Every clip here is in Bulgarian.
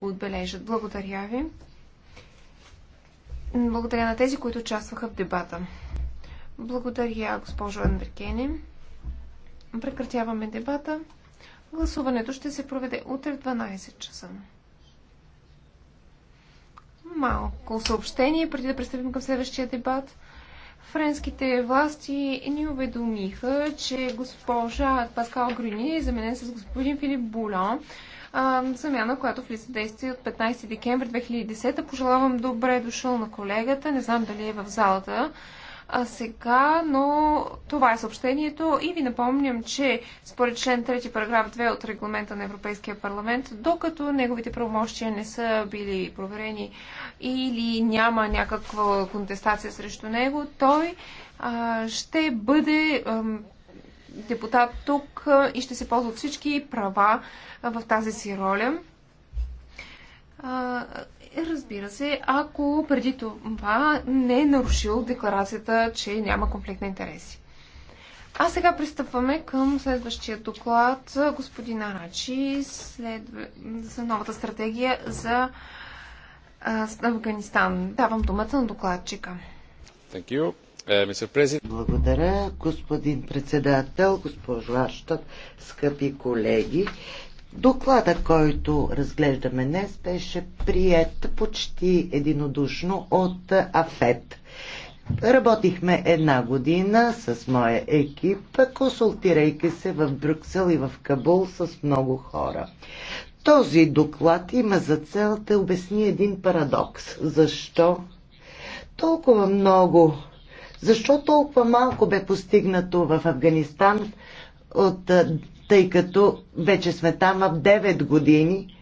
отбележат. Благодаря ви. Благодаря на тези, които участваха в дебата. Благодаря, госпожо Андрекени. Прекратяваме дебата. Гласуването ще се проведе утре в 12 часа. Малко съобщение, преди да пристъпим към следващия дебат. Френските власти ни уведомиха, че госпожа Паскал Грюни е заменен с господин Филип Булан замяна, която влиза в действие от 15 декември 2010. Пожелавам добре дошъл на колегата. Не знам дали е в залата. А сега, но това е съобщението и ви напомням, че според член 3 параграф 2 от регламента на Европейския парламент, докато неговите правомощия не са били проверени или няма някаква контестация срещу него, той а, ще бъде а, депутат тук и ще се ползва от всички права в тази си роля. Разбира се, ако преди това не е нарушил декларацията, че няма конфликт на интереси. А сега пристъпваме към следващия доклад. господина Рачи след... за новата стратегия за Афганистан. Давам думата на докладчика. Thank you. Е, Благодаря, господин председател, госпожо Аштат, скъпи колеги. Доклада, който разглеждаме днес, беше прият почти единодушно от АФЕТ. Работихме една година с моя екип, консултирайки се в Брюксел и в Кабул с много хора. Този доклад има за цел да обясни един парадокс. Защо толкова много защо толкова малко бе постигнато в Афганистан, от, тъй като вече сме там в 9 години,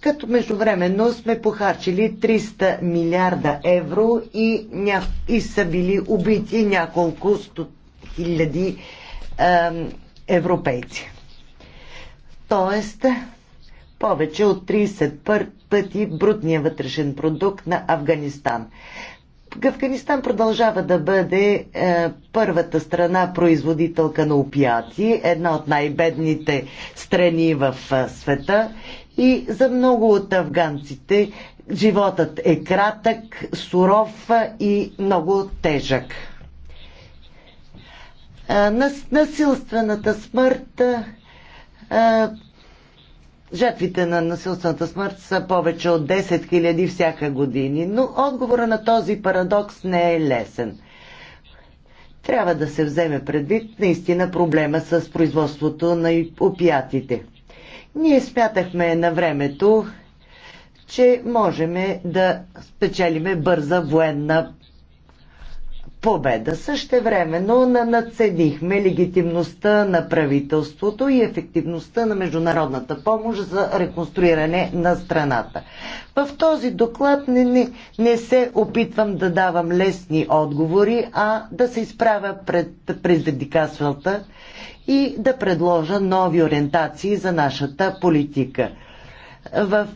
като междувременно сме похарчили 300 милиарда евро и, ня... и са били убити няколко сто хиляди е, европейци. Тоест, повече от 30 пъти брутния вътрешен продукт на Афганистан. Афганистан продължава да бъде е, първата страна производителка на опиати, една от най-бедните страни в е, света и за много от афганците животът е кратък, суров и много тежък. Е, насилствената смърт е, Жертвите на насилствената смърт са повече от 10 000 всяка години, но отговора на този парадокс не е лесен. Трябва да се вземе предвид наистина проблема с производството на опиатите. Ние смятахме на времето, че можем да спечелиме бърза военна победа. Същевременно надценихме легитимността на правителството и ефективността на международната помощ за реконструиране на страната. В този доклад не, не, не се опитвам да давам лесни отговори, а да се изправя пред предизвикателствата и да предложа нови ориентации за нашата политика – в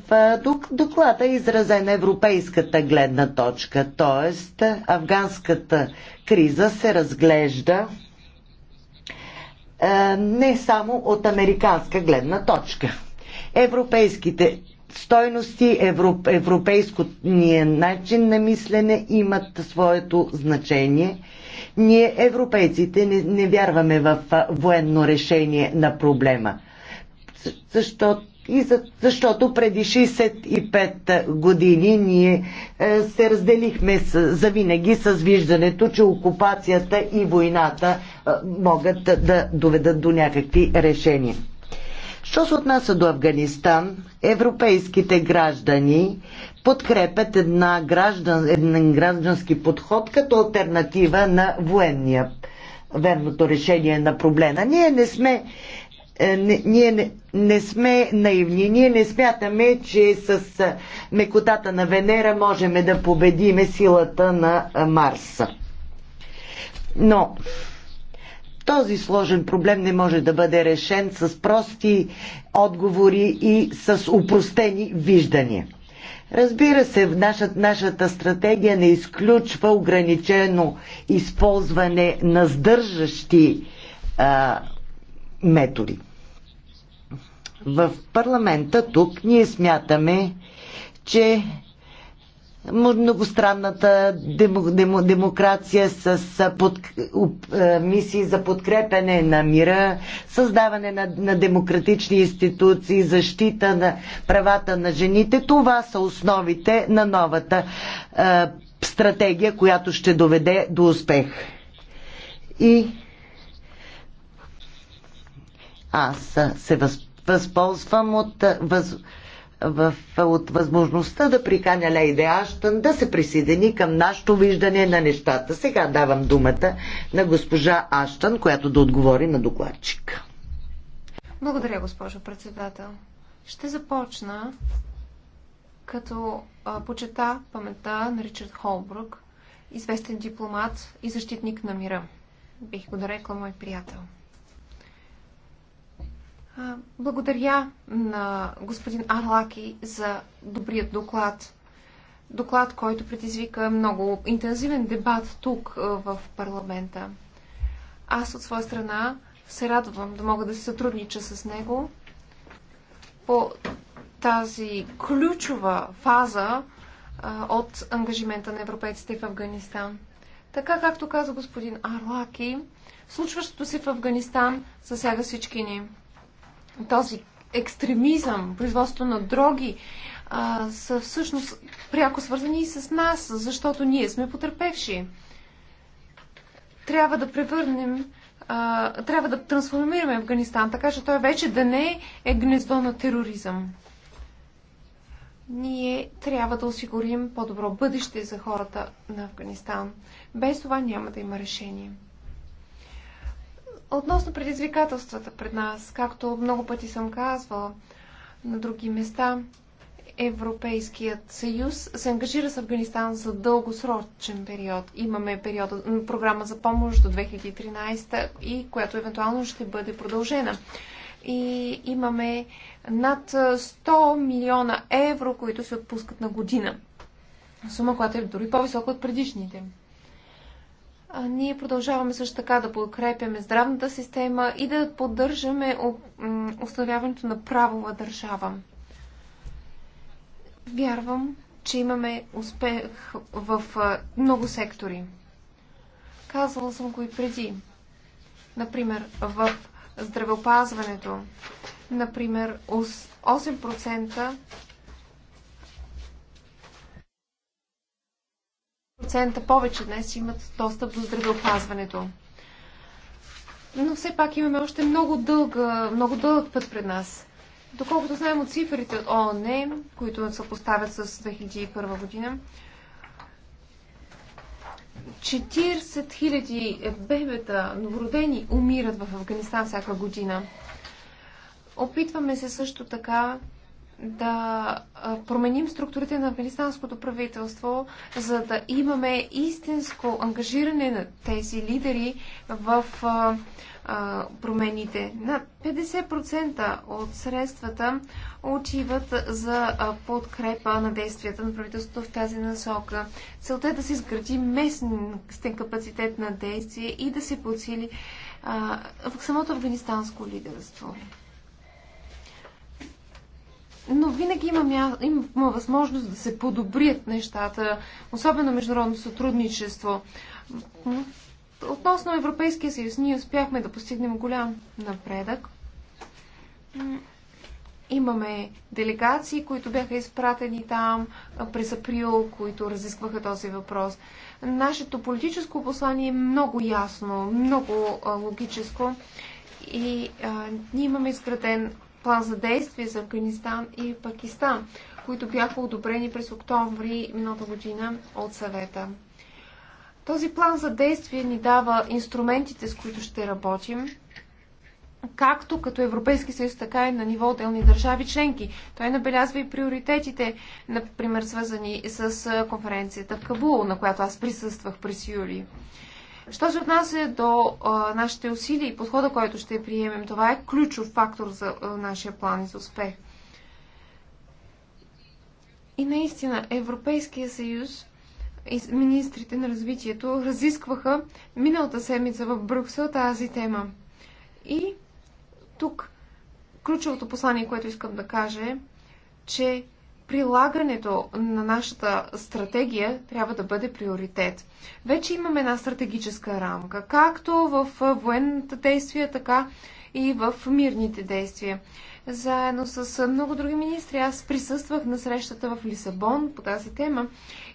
доклада е изразена европейската гледна точка, т.е. афганската криза се разглежда не само от американска гледна точка. Европейските стойности, европейския начин на мислене имат своето значение. Ние, европейците, не, не вярваме в военно решение на проблема, защото и за, защото преди 65 години ние е, се разделихме с, завинаги с виждането, че окупацията и войната е, могат да доведат до някакви решения. Що се отнася до Афганистан, европейските граждани подкрепят една граждан, един граждански подход като альтернатива на военния верното решение на проблема. Ние не сме е, не, ние не, не сме наивни. Ние не смятаме, че с е, мекотата на Венера можем да победиме силата на е, Марса. Но този сложен проблем не може да бъде решен с прости отговори и с упростени виждания. Разбира се, нашата, нашата стратегия не изключва ограничено използване на сдържащи а, методи. В парламента тук ние смятаме, че многостранната демо, демо, демокрация с под, е, мисии за подкрепене на мира, създаване на, на демократични институции, защита на правата на жените. Това са основите на новата а, е, стратегия, която ще доведе до успех. И аз се възползвам от, въз, в, от възможността да приканя Лейде Аштън да се присъедини към нашето виждане на нещата. Сега давам думата на госпожа Аштън, която да отговори на докладчика. Благодаря, госпожо председател. Ще започна като а, почета памета на Ричард Холбрук, известен дипломат и защитник на мира. Бих го дарекла, мой приятел. Благодаря на господин Арлаки за добрият доклад. Доклад, който предизвика много интензивен дебат тук в парламента. Аз от своя страна се радвам да мога да се сътруднича с него по тази ключова фаза от ангажимента на европейците в Афганистан. Така както каза господин Арлаки, случващото се в Афганистан засяга всички ни този екстремизъм, производство на дроги, а, са всъщност пряко свързани и с нас, защото ние сме потерпевши. Трябва да превърнем, а, трябва да трансформираме Афганистан, така че той вече да не е гнездо на тероризъм. Ние трябва да осигурим по-добро бъдеще за хората на Афганистан. Без това няма да има решение. Относно предизвикателствата пред нас, както много пъти съм казвала на други места, Европейският съюз се ангажира с Афганистан за дългосрочен период. Имаме период, програма за помощ до 2013 и която евентуално ще бъде продължена. И имаме над 100 милиона евро, които се отпускат на година. Сума, която е дори по-висока от предишните ние продължаваме също така да подкрепяме здравната система и да поддържаме установяването на правова държава. Вярвам, че имаме успех в много сектори. Казвала съм го и преди. Например, в здравеопазването. Например, 8% процента повече днес имат достъп до здравеопазването. Но все пак имаме още много, дълга, много дълъг път пред нас. Доколкото знаем от цифрите от ООН, които се поставят с 2001 година, 40 000 бебета, новородени, умират в Афганистан всяка година. Опитваме се също така да променим структурите на афганистанското правителство, за да имаме истинско ангажиране на тези лидери в промените. На 50% от средствата отиват за подкрепа на действията на правителството в тази насока. Целта е да се изгради местен капацитет на действие и да се подсили в самото афганистанско лидерство но винаги има, мя... има възможност да се подобрят нещата, особено международно сътрудничество. Относно Европейския съюз, ние успяхме да постигнем голям напредък. Имаме делегации, които бяха изпратени там през април, които разискваха този въпрос. Нашето политическо послание е много ясно, много логическо и а, ние имаме изграден план за действие за Афганистан и Пакистан, които бяха одобрени през октомври миналата година от съвета. Този план за действие ни дава инструментите, с които ще работим, както като Европейски съюз, така и на ниво отделни държави членки. Той набелязва и приоритетите, например, свързани с конференцията в Кабул, на която аз присъствах през юли. Що се отнася до а, нашите усилия и подхода, който ще приемем, това е ключов фактор за а, нашия план и за успех. И наистина, Европейския съюз и министрите на развитието разискваха миналата седмица в Брюксел тази тема. И тук ключовото послание, което искам да кажа е, че прилагането на нашата стратегия трябва да бъде приоритет. Вече имаме една стратегическа рамка, както в военната действия, така и в мирните действия. Заедно с много други министри аз присъствах на срещата в Лисабон по тази тема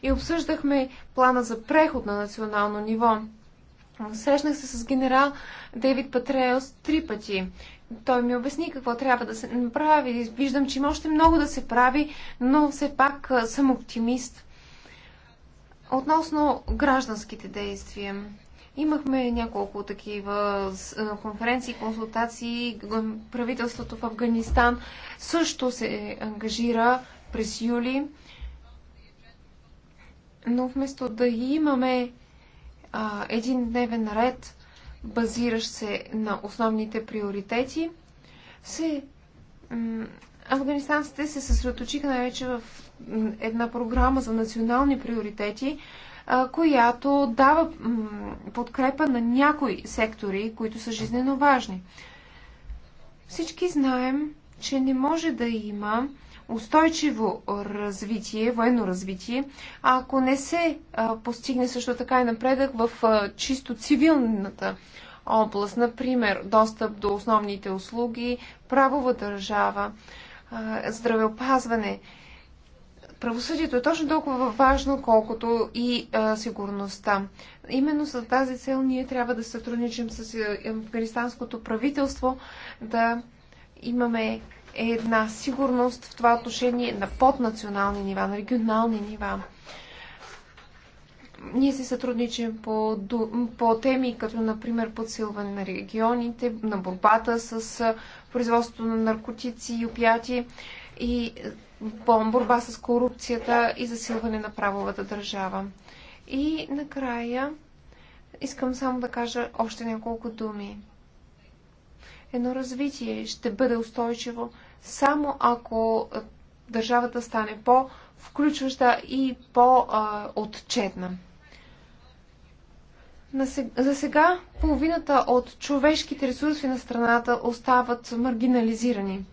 и обсъждахме плана за преход на национално ниво. Срещнах се с генерал Дейвид Патреос три пъти той ми обясни какво трябва да се направи. Виждам, че има още много да се прави, но все пак съм оптимист. Относно гражданските действия. Имахме няколко такива конференции, консултации. Правителството в Афганистан също се ангажира през юли. Но вместо да имаме а, един дневен ред, базиращ се на основните приоритети, се, афганистанците се съсредоточиха най-вече в една програма за национални приоритети, която дава подкрепа на някои сектори, които са жизненно важни. Всички знаем, че не може да има устойчиво развитие, военно развитие, а ако не се постигне също така и напредък в чисто цивилната област, например достъп до основните услуги, правова държава, здравеопазване. Правосъдието е точно толкова важно, колкото и а, сигурността. Именно за тази цел ние трябва да сътрудничим с афганистанското правителство, да имаме е една сигурност в това отношение на поднационални нива, на регионални нива. Ние се сътрудничим по, по теми, като например подсилване на регионите, на борбата с производството на наркотици и опияти и борба с корупцията и засилване на правовата държава. И накрая искам само да кажа още няколко думи едно развитие ще бъде устойчиво само ако държавата стане по-включваща и по-отчетна. За сега половината от човешките ресурси на страната остават маргинализирани.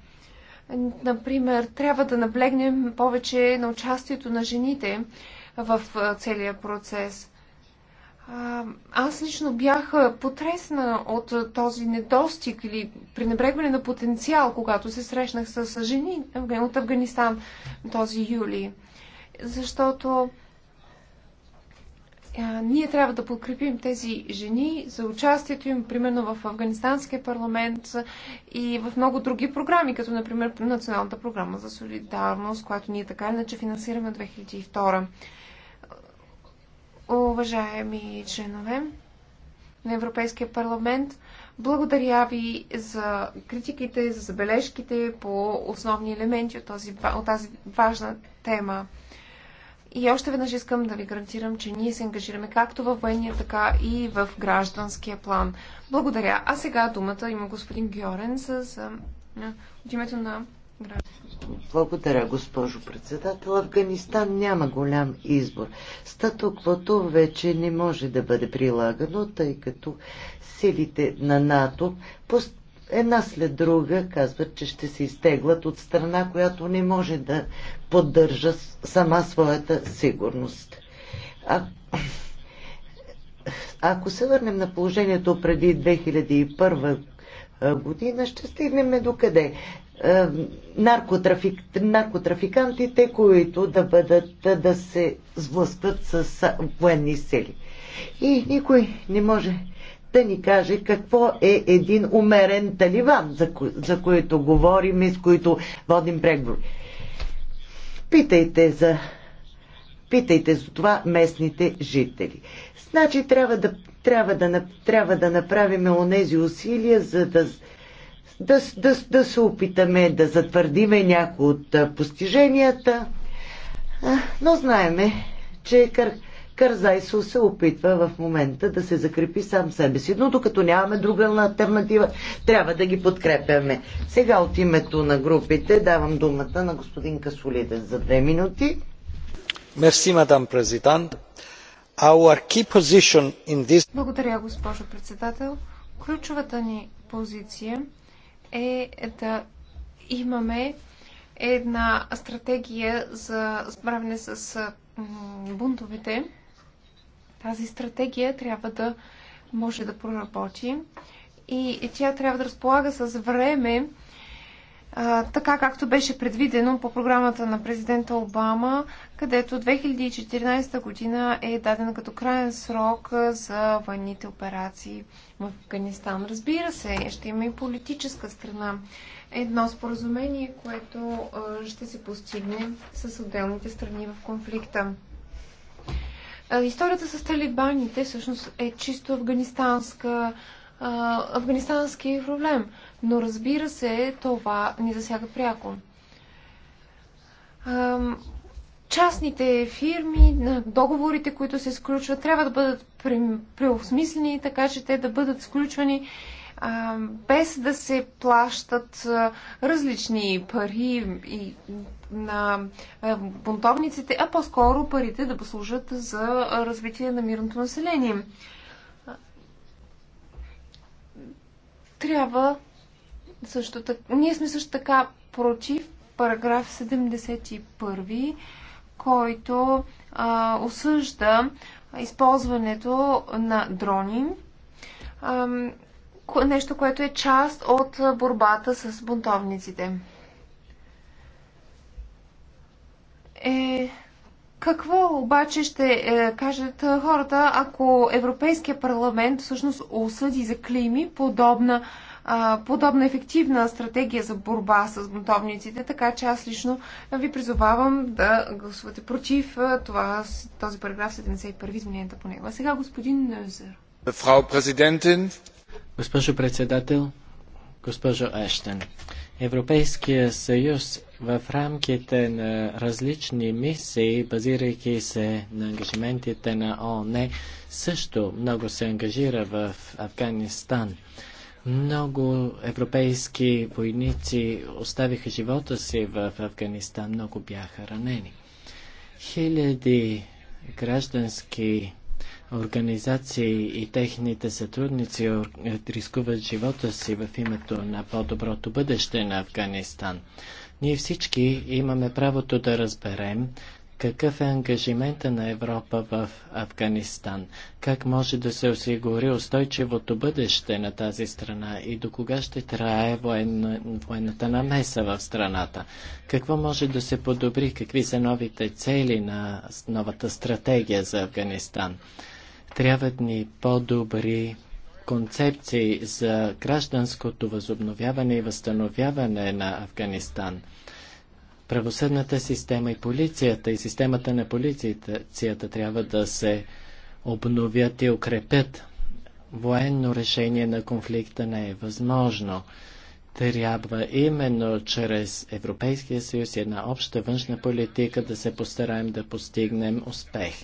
Например, трябва да наблегнем повече на участието на жените в целия процес – аз лично бях потресна от този недостиг или пренебрегване на потенциал, когато се срещнах с жени от Афганистан този юли. Защото ние трябва да подкрепим тези жени за участието им, примерно в Афганистанския парламент и в много други програми, като например Националната програма за солидарност, която ние така иначе финансираме от 2002 уважаеми членове на Европейския парламент, благодаря ви за критиките, за забележките по основни елементи от, този, от тази важна тема. И още веднъж искам да ви гарантирам, че ние се ангажираме както във военния, така и в гражданския план. Благодаря. А сега думата има господин Георен с, с, името на благодаря, госпожо председател. Афганистан няма голям избор. Статуквото вече не може да бъде прилагано, тъй като силите на НАТО една след друга казват, че ще се изтеглят от страна, която не може да поддържа сама своята сигурност. А... Ако се върнем на положението преди 2001 година, ще стигнем до къде? Е, наркотрафик, наркотрафикантите, които да бъдат, да се сблъскат с военни сили. И никой не може да ни каже какво е един умерен талибан, за, ко- за който говорим и с които водим преговори. Питайте за Питайте за това местните жители. Значи трябва да, трябва да, трябва да направим онези усилия, за да, да, да, да се опитаме да затвърдиме някои от постиженията, но знаеме, че Кър, Кързайсо се опитва в момента да се закрепи сам себе си, но докато нямаме друга альтернатива, трябва да ги подкрепяме. Сега от името на групите давам думата на господин Касолиден за две минути. Мерси, мадам президент. This... Благодаря, госпожо председател. Ключовата ни позиция е да имаме една стратегия за справяне с бунтовете. Тази стратегия трябва да може да проработи и тя трябва да разполага с време, така както беше предвидено по програмата на президента Обама, където 2014 година е дадена като крайен срок за военните операции в Афганистан. Разбира се, ще има и политическа страна. Едно споразумение, което ще се постигне с отделните страни в конфликта. Историята с талибаните всъщност е чисто афганистанска, афганистански проблем. Но разбира се, това ни засяга пряко частните фирми, на договорите, които се сключват, трябва да бъдат преосмислени, така че те да бъдат сключвани а, без да се плащат а, различни пари и, на а, бунтовниците, а по-скоро парите да послужат за развитие на мирното население. Трябва също така. Ние сме също така против параграф 71 който а, осъжда използването на дрони. А, нещо, което е част от борбата с бунтовниците. Е, какво обаче ще е, кажат хората, ако Европейския парламент всъщност осъди за клими подобна подобна ефективна стратегия за борба с бунтовниците, така че аз лично ви призовавам да гласувате против това, този параграф 71, измененията по него. А сега господин Нюзер. Фрау президентин. Госпожо председател, госпожо Ештен. Европейския съюз в рамките на различни мисии, базирайки се на ангажиментите на ООН, също много се ангажира в Афганистан. Много европейски войници оставиха живота си в Афганистан, много бяха ранени. Хиляди граждански организации и техните сътрудници рискуват живота си в името на по-доброто бъдеще на Афганистан. Ние всички имаме правото да разберем, какъв е ангажимента на Европа в Афганистан? Как може да се осигури устойчивото бъдеще на тази страна и до кога ще трае военната намеса в страната? Какво може да се подобри? Какви са новите цели на новата стратегия за Афганистан? Трябват ни по-добри концепции за гражданското възобновяване и възстановяване на Афганистан правосъдната система и полицията и системата на полицията трябва да се обновят и укрепят. Военно решение на конфликта не е възможно. Трябва именно чрез Европейския съюз и една обща външна политика да се постараем да постигнем успех.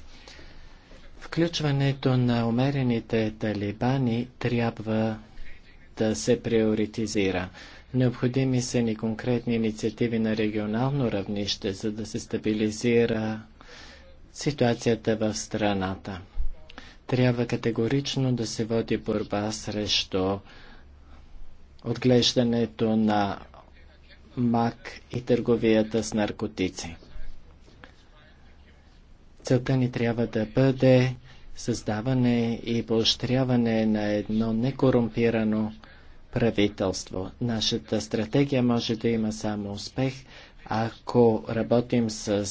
Включването на умерените талибани трябва да се приоритизира. Необходими са ни конкретни инициативи на регионално равнище, за да се стабилизира ситуацията в страната. Трябва категорично да се води борба срещу отглеждането на мак и търговията с наркотици. Целта ни трябва да бъде създаване и поощряване на едно некорумпирано правителство. Нашата стратегия може да има само успех, ако работим с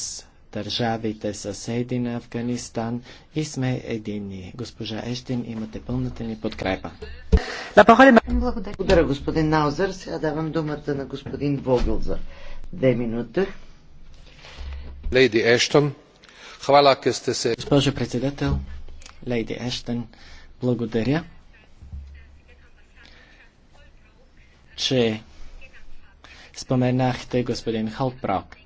държавите съседи на Афганистан и сме единни. Госпожа Ещин, имате пълната ни подкрепа. Благодаря, господин Наузър. Сега давам думата на господин Вогел за две минути. Лейди Ештън, хвала, сте се... Госпожо председател, Лейди Ештън, благодаря че споменахте господин Холпрок.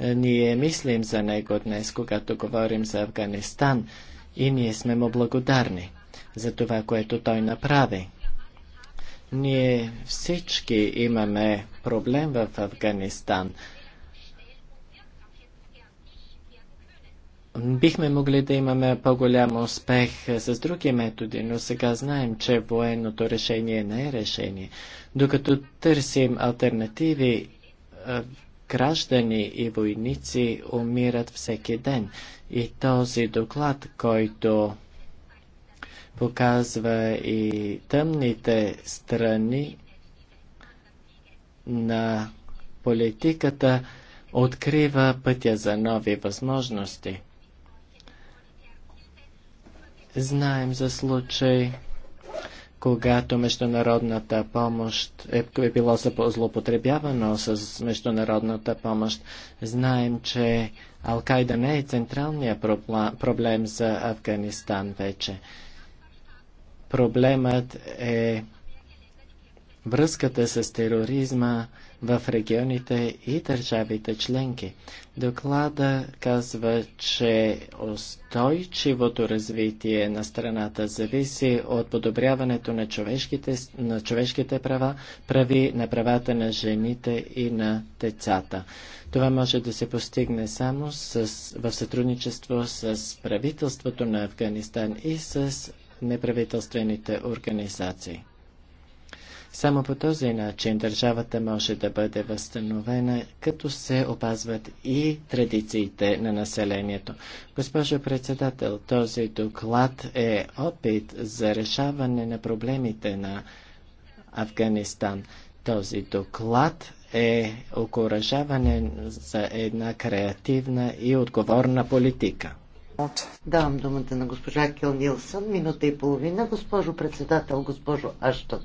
Е, ние мислим за него днес, когато говорим за Афганистан и ние сме му благодарни за това, което той направи. Ние всички имаме проблем в Афганистан – Бихме могли да имаме по-голям успех с други методи, но сега знаем, че военното решение не е решение. Докато търсим альтернативи, е, граждани и войници умират всеки ден. И този доклад, който показва и тъмните страни на политиката, открива пътя за нови възможности. Знаем за случай, когато международната помощ е, е било злоупотребявано с международната помощ. Знаем, че Алкайда не е централният проблем за Афганистан вече. Проблемът е връзката с тероризма, в регионите и държавите членки. Доклада казва, че устойчивото развитие на страната зависи от подобряването на човешките, на човешките права, прави на правата на жените и на децата. Това може да се постигне само с, в сътрудничество с правителството на Афганистан и с неправителствените организации. Само по този начин държавата може да бъде възстановена, като се опазват и традициите на населението. Госпожо председател, този доклад е опит за решаване на проблемите на Афганистан. Този доклад е окоръжаване за една креативна и отговорна политика. Давам думата на госпожа Кел Нилсън. Минута и половина. Госпожо председател, госпожо Аштон.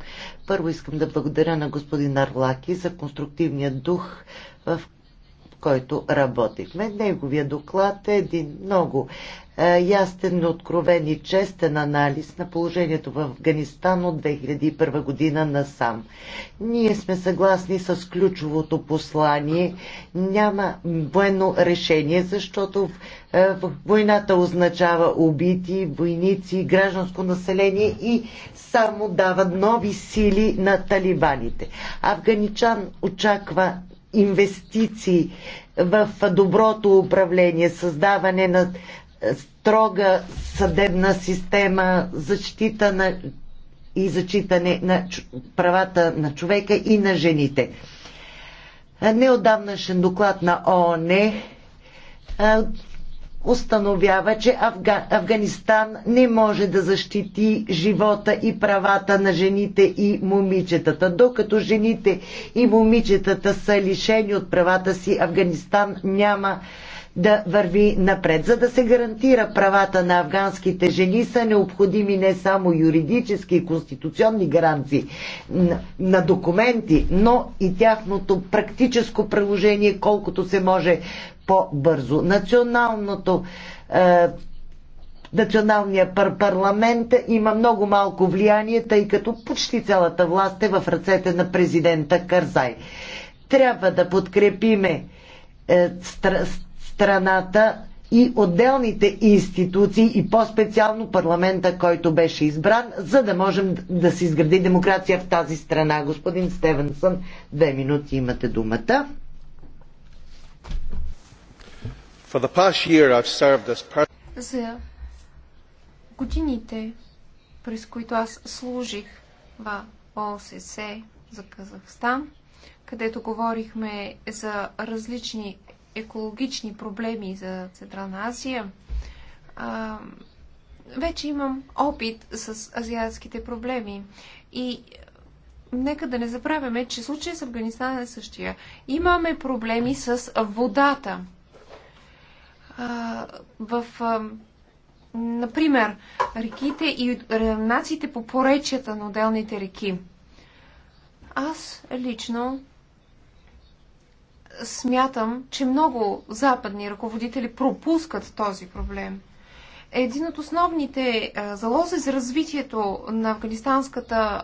Първо искам да благодаря на господин Арлаки за конструктивния дух, в който работихме. Неговия доклад е един много е, ясен, откровен и честен анализ на положението в Афганистан от 2001 година насам. Ние сме съгласни с ключовото послание. Няма военно решение, защото е, войната означава убити, войници, гражданско население и само дава нови сили на талибаните. Афганичан очаква инвестиции в доброто управление, създаване на строга съдебна система, защита на и зачитане на правата на човека и на жените. Неодавнашен доклад на ООН установява, че Афга... Афганистан не може да защити живота и правата на жените и момичетата. Докато жените и момичетата са лишени от правата си, Афганистан няма да върви напред. За да се гарантира правата на афганските жени са необходими не само юридически и конституционни гаранции на документи, но и тяхното практическо приложение колкото се може по-бързо. Националното е, пар- парламент има много малко влияние, тъй като почти цялата власт е в ръцете на президента Карзай. Трябва да подкрепиме е, стра- страната и отделните институции и по-специално парламента, който беше избран, за да можем да се изгради демокрация в тази страна. Господин Стевенсън, две минути имате думата. За годините, през които аз служих в ОССЕ за Казахстан, където говорихме за различни екологични проблеми за Централна Азия, а, вече имам опит с азиатските проблеми. И нека да не забравяме, че случай с Афганистан е същия. Имаме проблеми с водата. А, в, а, например, реките и нациите по поречията на отделните реки. Аз лично смятам, че много западни ръководители пропускат този проблем. Един от основните залози за развитието на, афганистанската,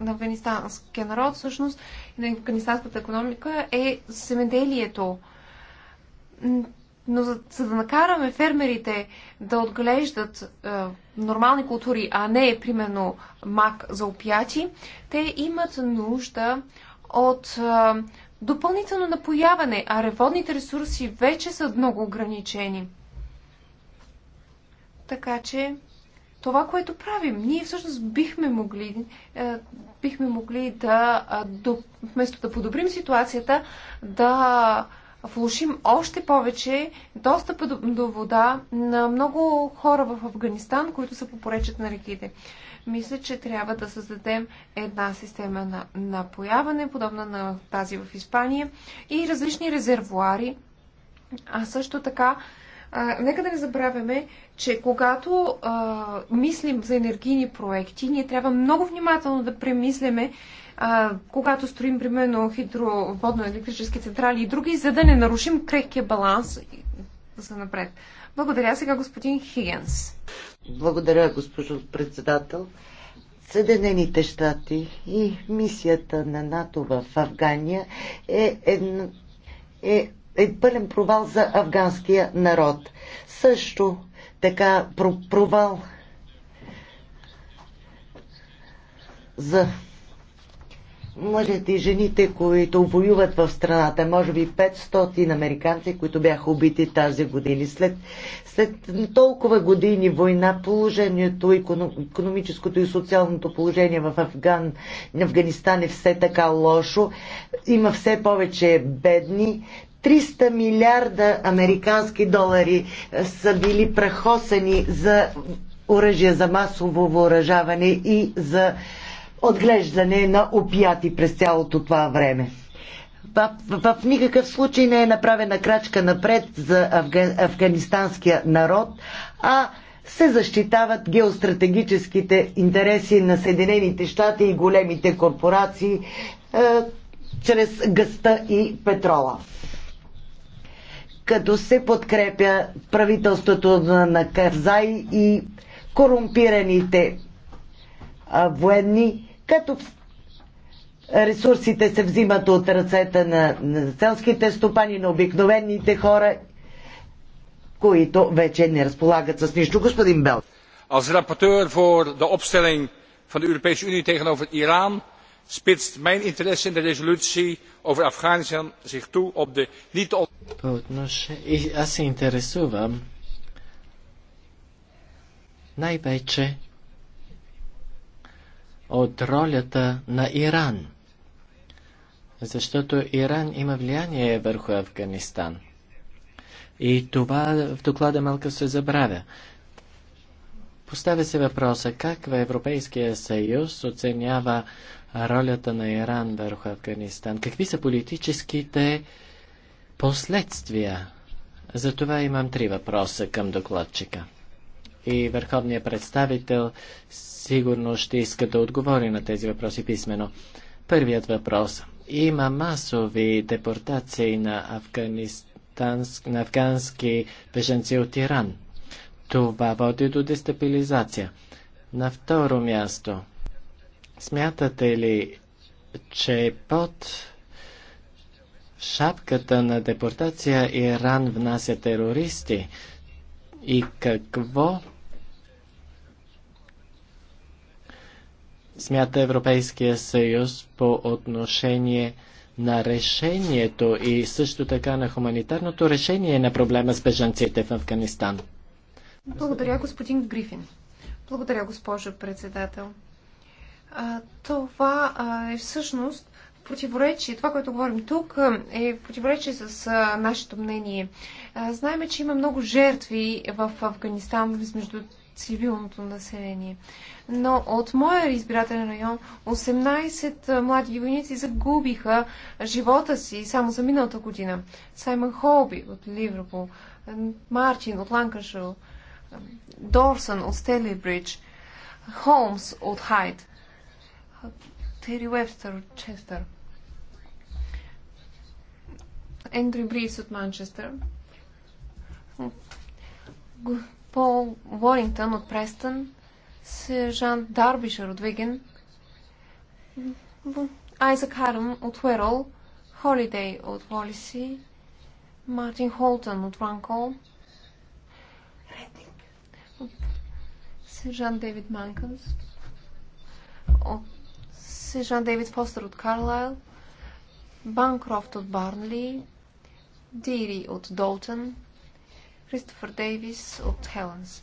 на афганистанския народ, всъщност, и на афганистанската економика е земеделието. Но за, за да накараме фермерите да отглеждат е, нормални култури, а не, примерно, мак за опияти, те имат нужда от е, допълнително напояване, а реводните ресурси вече са много ограничени. Така че това, което правим, ние всъщност бихме могли, е, бихме могли да, вместо да подобрим ситуацията, да влушим още повече достъпа до вода на много хора в Афганистан, които са по поречат на реките мисля, че трябва да създадем една система на напояване, подобна на тази в Испания, и различни резервуари. А също така, а, нека да не забравяме, че когато а, мислим за енергийни проекти, ние трябва много внимателно да премисляме, а, когато строим, примерно, хидроводно-електрически централи и други, за да не нарушим крехкия баланс за напред. Благодаря сега господин Хигенс. Благодаря, госпожо председател. Съединените щати и мисията на НАТО в Афгания е, една, е, е пълен провал за афганския народ. Също така провал за мъжете и жените, които воюват в страната, може би 500 американци, които бяха убити тази година. След, след толкова години война, положението, економическото и социалното положение в Афган, Афганистан е все така лошо. Има все повече бедни. 300 милиарда американски долари е, са били прахосани за оръжие за масово въоръжаване и за отглеждане на опияти през цялото това време. В, в, в никакъв случай не е направена крачка напред за афга, афганистанския народ, а се защитават геостратегическите интереси на Съединените щати и големите корпорации е, чрез гъста и петрола като се подкрепя правителството на Карзай и корумпираните а, военни, като ресурсите се взимат от ръцете на, на селските стопани, на обикновените хора, които вече не разполагат с нищо. Господин Бел. Als rapporteur voor de opstelling van de Europese Unie tegenover Iran spitst mijn interesse in de resolutie over Afghanistan zich toe op de niet te Аз се интересувам най-вече от ролята на Иран. Защото Иран има влияние върху Афганистан. И това в доклада малко се забравя. Поставя се въпроса как в Европейския съюз оценява ролята на Иран върху Афганистан. Какви са политическите последствия? За това имам три въпроса към докладчика и върховният представител сигурно ще иска да отговори на тези въпроси писменно. Първият въпрос. Има масови депортации на, на афгански беженци от Иран. Това води до дестабилизация. На второ място. Смятате ли, че под шапката на депортация Иран внася терористи? И какво смята Европейския съюз по отношение на решението и също така на хуманитарното решение на проблема с бежанците в Афганистан? Благодаря, господин Грифин. Благодаря, госпожо председател. А, това а, е всъщност противоречие. Това, което говорим тук, е противоречие с а, нашето мнение. А, знаеме, че има много жертви в Афганистан между цивилното население. Но от моя избирателен район 18 млади войници загубиха живота си само за миналата година. Саймън Холби от Ливърпул, Мартин от Ланкашър, Дорсън от Стелибридж, Холмс от Хайд, Тери Уебстър от Честър, Ендрю Брис от Манчестър, Пол Уорингтън от Престън, сержант Дарбишер от Виген, Айзак Харъм от Уерол, Холидей от Волиси, Мартин Холтън от Ранкол, сержант Дейвид Манкънс, сержант Дейвид Фостер от Карлайл, Банкрофт от Барнли, Дири от Долтън, Кристофър Дейвис от Хеленс.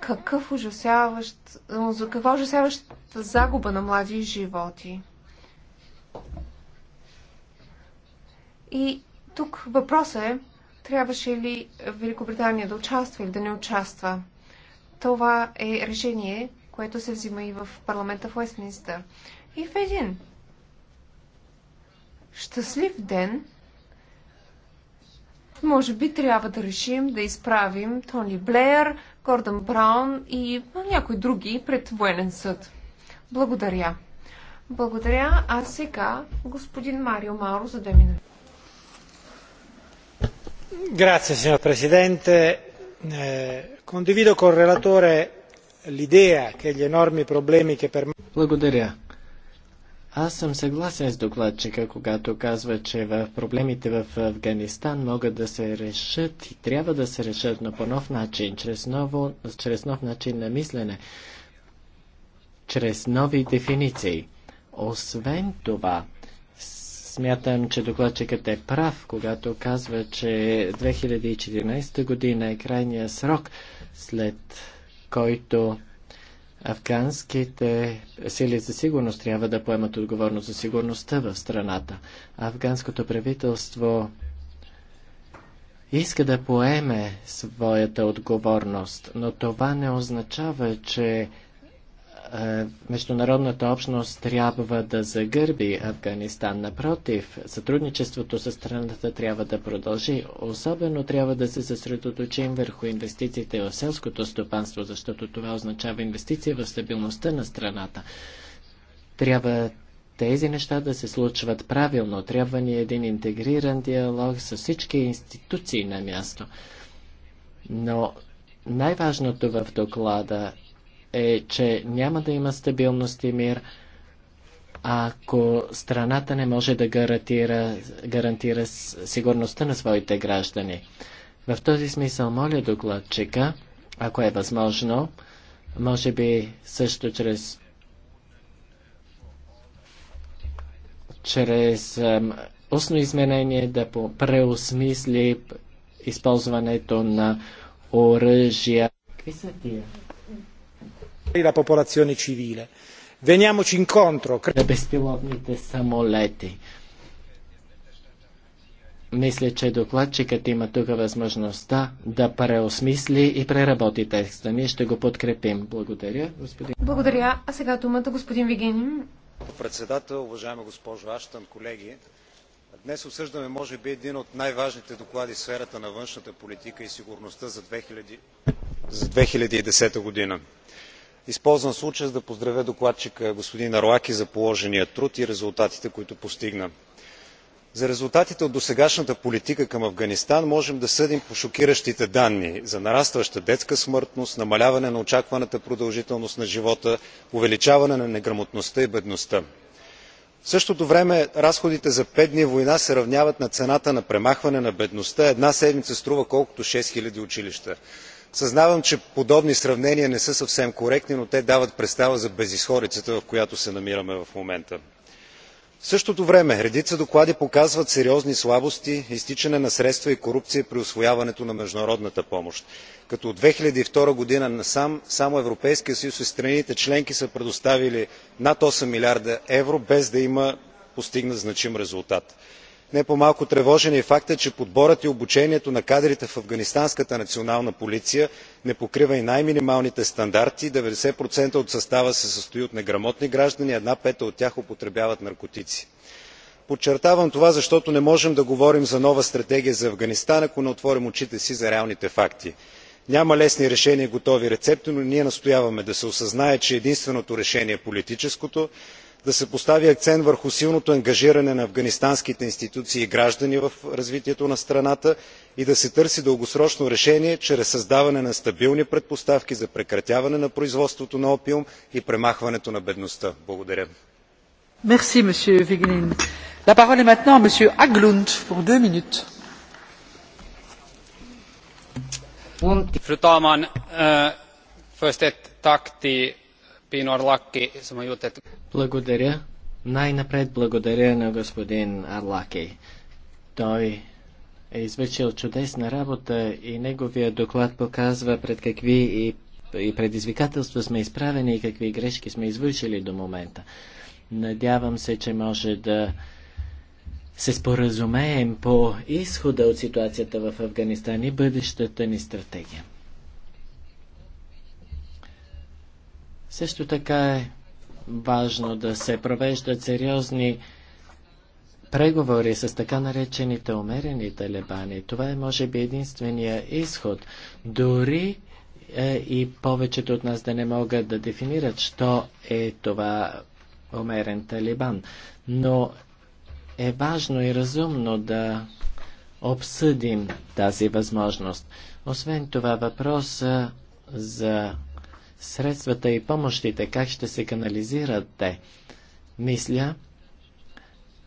Какъв ужасяващ, за каква ужасяваща загуба на млади животи. И тук въпросът е, трябваше ли Великобритания да участва или да не участва. Това е решение, което се взима и в парламента в Уестминстър. И в един щастлив ден може би трябва да решим да изправим Тони Блеер, Гордън Браун и някои други пред военен съд. Благодаря. Благодаря. А сега господин Марио Мауро за две минути. Grazie signor Presidente, eh, condivido col relatore l'idea che gli enormi problemi che permangono. Благодаря. Аз съм съгласен с докладчика, когато казва, че в проблемите в Афганистан могат да се решат и трябва да се решат, но по нов начин, чрез, ново, чрез нов начин на мислене, чрез нови дефиниции. Освен това, смятам, че докладчикът е прав, когато казва, че 2014 година е крайния срок, след който Афганските сили за сигурност трябва да поемат отговорност за сигурността в страната. Афганското правителство иска да поеме своята отговорност, но това не означава, че е, международната общност трябва да загърби Афганистан. Напротив, сътрудничеството с страната трябва да продължи. Особено трябва да се съсредоточим върху инвестициите в селското стопанство, защото това означава инвестиции в стабилността на страната. Трябва тези неща да се случват правилно. Трябва ни един интегриран диалог с всички институции на място. Но най-важното в доклада е, че няма да има стабилност и мир, ако страната не може да гарантира, гарантира сигурността на своите граждани. В този смисъл моля докладчика, ако е възможно, може би също чрез чрез устно изменение да преосмисли използването на оръжия. Какви са тия? E la popolazione civile. Veniamoci incontro. Мисля, че докладчикът има тук възможността да преосмисли и преработи текста. Ние ще го подкрепим. Благодаря, господин. Благодаря. А сега думата господин Вигенин. Председател, уважаема госпожо Аштан, колеги. Днес осъждаме може би, един от най-важните доклади в сферата на външната политика и сигурността за 2010 година използвам случая за да поздравя докладчика господин арлаки за положения труд и резултатите които постигна. за резултатите от досегашната политика към афганистан можем да съдим по шокиращите данни за нарастваща детска смъртност намаляване на очакваната продължителност на живота увеличаване на неграмотността и бедността. в същото време разходите за пет дни война се равняват на цената на премахване на бедността една седмица струва колкото шест хиляди училища съзнавам че подобни сравнения не са съвсем коректни но те дават представа за безизходицата в която се намираме в момента. в същото време редица доклади показват сериозни слабости изтичане на средства и корупция при усвояването на международната помощ като от две хиляди и втора година насам само европейският съюз и страните членки са предоставили над осем милиарда евро без да има постигнат значим резултат не по малко тревожен е и фактът че подборът и обучението на кадрите в афганистанската национална полиция не покрива и най минималните стандарти деветдесет от състава се състои от неграмотни граждани а една пета от тях употребяват наркотици. подчертавам това защото не можем да говорим за нова стратегия за афганистан ако не отворим очите си за реалните факти. няма лесни решения и готови рецепти но ние настояваме да се осъзнае че единственото решение е политическото да се постави акцент върху силното ангажиране на афганистанските институции и граждани в развитието на страната и да се търси дългосрочно решение чрез създаване на стабилни предпоставки за прекратяване на производството на опиум и премахването на бедността. благодаря. fru talman! Eh, först ett tack till благодаря. Най-напред благодаря на господин Арлаки. Той е извършил чудесна работа и неговия доклад показва пред какви и, и предизвикателства сме изправени и какви грешки сме извършили до момента. Надявам се, че може да се споразумеем по изхода от ситуацията в Афганистан и бъдещата ни стратегия. Също така е важно да се провеждат сериозни преговори с така наречените умерени талибани. Това е, може би, единствения изход. Дори е, и повечето от нас да не могат да дефинират, що е това умерен талибан. Но е важно и разумно да обсъдим тази възможност. Освен това, въпроса за средствата и помощите, как ще се канализират те. Мисля,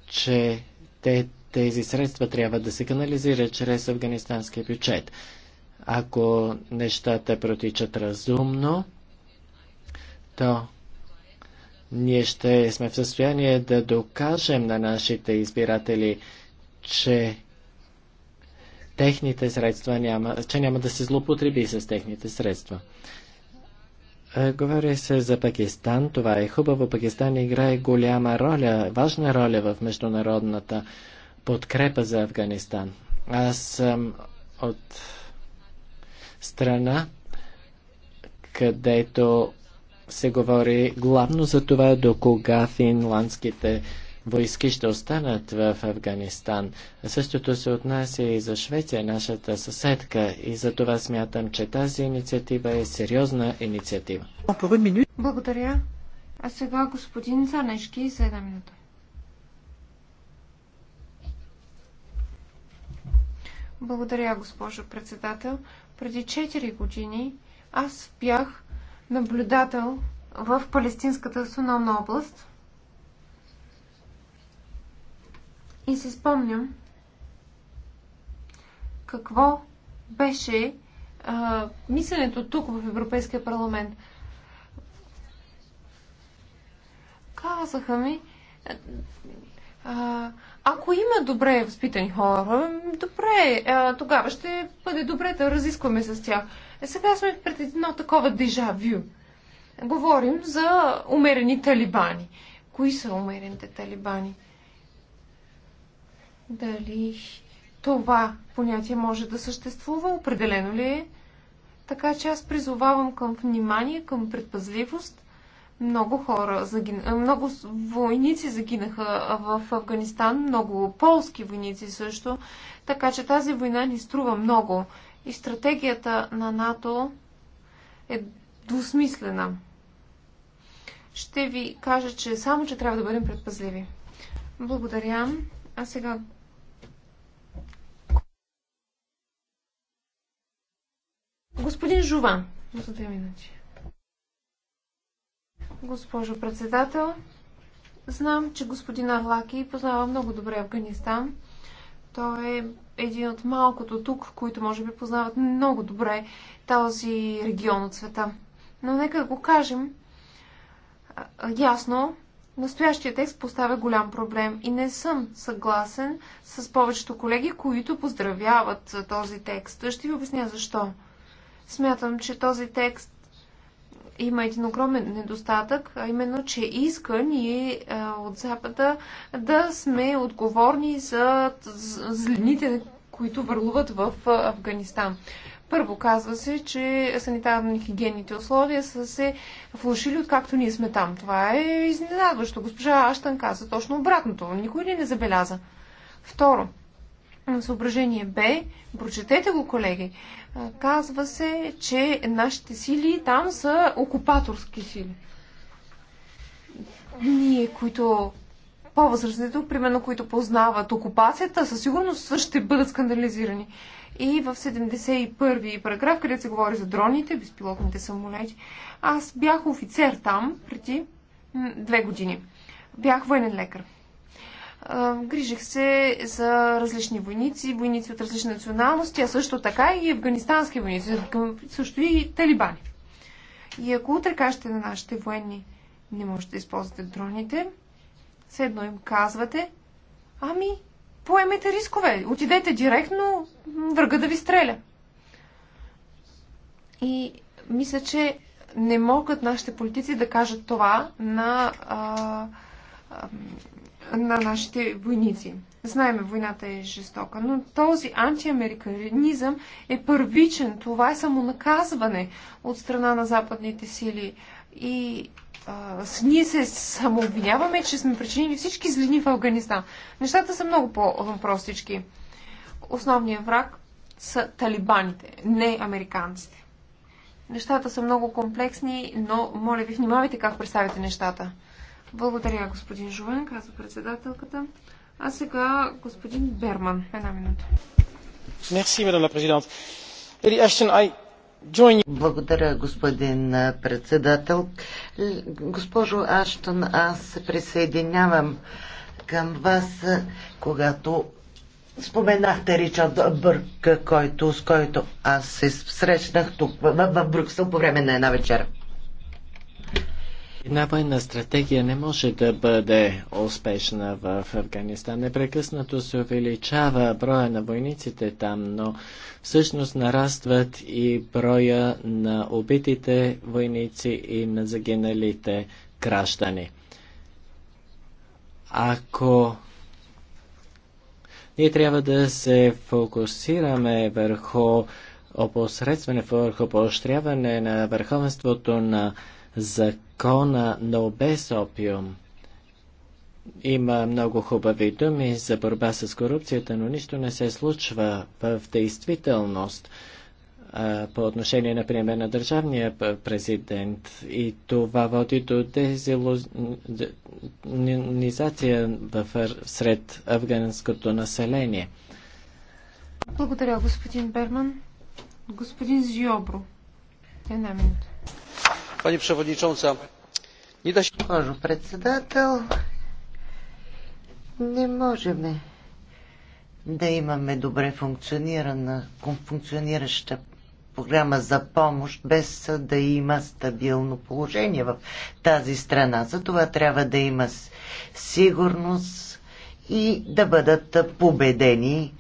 че те, тези средства трябва да се канализират чрез афганистанския бюджет. Ако нещата протичат разумно, то ние ще сме в състояние да докажем на нашите избиратели, че техните средства няма, че няма да се злоупотреби с техните средства. Е, говори се за Пакистан. Това е хубаво. Пакистан играе голяма роля, важна роля в международната подкрепа за Афганистан. Аз съм от страна, където се говори главно за това до кога финландските войски ще останат в Афганистан. Същото се отнася и за Швеция, нашата съседка, и за това смятам, че тази инициатива е сериозна инициатива. Благодаря. А сега господин Занешки за една минута. Благодаря, госпожо председател. Преди 4 години аз бях наблюдател в Палестинската автономна област И си спомням какво беше а, мисленето тук в Европейския парламент. Казаха ми, а, ако има добре възпитани хора, добре, а, тогава ще бъде добре да разискваме с тях. Е, сега сме пред едно такова дежавю. Говорим за умерени талибани. Кои са умерените талибани? дали това понятие може да съществува, определено ли е. Така че аз призовавам към внимание, към предпазливост. Много хора, загин... много войници загинаха в Афганистан, много полски войници също. Така че тази война ни струва много. И стратегията на НАТО е двусмислена. Ще ви кажа, че само, че трябва да бъдем предпазливи. Благодаря. А сега Господин Жуван, за две минути. Госпожо председател, знам, че господин Арлаки познава много добре Афганистан. Той е един от малкото тук, които може би познават много добре този регион от света. Но нека го кажем ясно, настоящия текст поставя голям проблем и не съм съгласен с повечето колеги, които поздравяват този текст. Ще ви обясня защо. Смятам, че този текст има един огромен недостатък, а именно, че иска ние е, от Запада да сме отговорни за злините, които върлуват в е, Афганистан. Първо казва се, че санитарно-хигиенните условия са се влушили откакто ние сме там. Това е изненадващо. Госпожа Аштан каза точно обратното. Никой не, не забеляза. Второ, съображение Б, прочетете го, колеги, казва се, че нашите сили там са окупаторски сили. Ние, които по-възрастните, примерно, които познават окупацията, със сигурност ще бъдат скандализирани. И в 71-и параграф, където се говори за дроните, безпилотните самолети, аз бях офицер там преди две години. Бях военен лекар. Грижих се за различни войници, войници от различни националности, а също така и афганистански войници, също и талибани. И ако утре кажете на нашите военни, не можете да използвате дроните, все едно им казвате, ами, поемете рискове, отидете директно, врага да ви стреля. И мисля, че не могат нашите политици да кажат това на а, на нашите войници. Знаеме, войната е жестока, но този антиамериканизъм е първичен. Това е самонаказване от страна на западните сили. И а, ние се самообвиняваме, че сме причинили всички злини в Афганистан. Нещата са много по-простички. Основният враг са талибаните, не американците. Нещата са много комплексни, но моля ви, внимавайте как представите нещата. Благодаря, господин Жовен, каза председателката. А сега господин Берман. Една минута. Мерси, мадам президент. Леди Ештен, ай... благодаря, господин председател. Госпожо Аштон, аз се присъединявам към вас, когато споменахте Ричард Бърк, който, с който аз се срещнах тук в, в Брюксел по време на една вечера. Една военна стратегия не може да бъде успешна в Афганистан. Непрекъснато се увеличава броя на войниците там, но всъщност нарастват и броя на убитите войници и на загиналите граждани. Ако ние трябва да се фокусираме върху опосредстване, върху поощряване на върховенството на закона на без опиум. Има много хубави думи за борба с корупцията, но нищо не се случва в действителност по отношение, например, на държавния президент. И това води до дезилонизация сред афганското население. Благодаря, господин Берман. Господин Зиобро. Една минута. Пани Преводничонца, Госпожо председател, не можем да имаме добре функционирана, функционираща програма за помощ, без да има стабилно положение в тази страна. За това трябва да има сигурност и да бъдат победени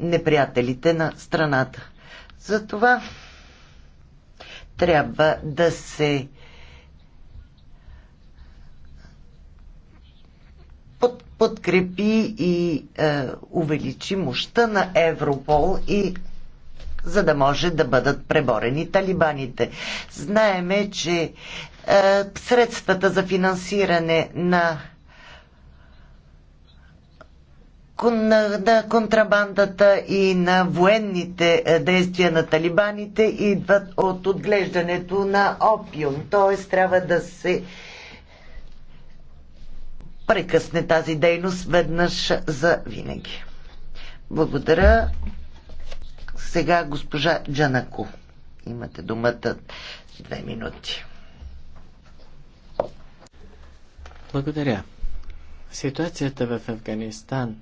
неприятелите на страната. това трябва да се под, подкрепи и е, увеличи мощта на Европол и за да може да бъдат преборени талибаните. Знаеме, че е, средствата за финансиране на на контрабандата и на военните е, действия на талибаните идват от отглеждането на опиум. Т.е. трябва да се прекъсне тази дейност веднъж за винаги. Благодаря. Сега госпожа Джанако. Имате думата две минути. Благодаря. Ситуацията в Афганистан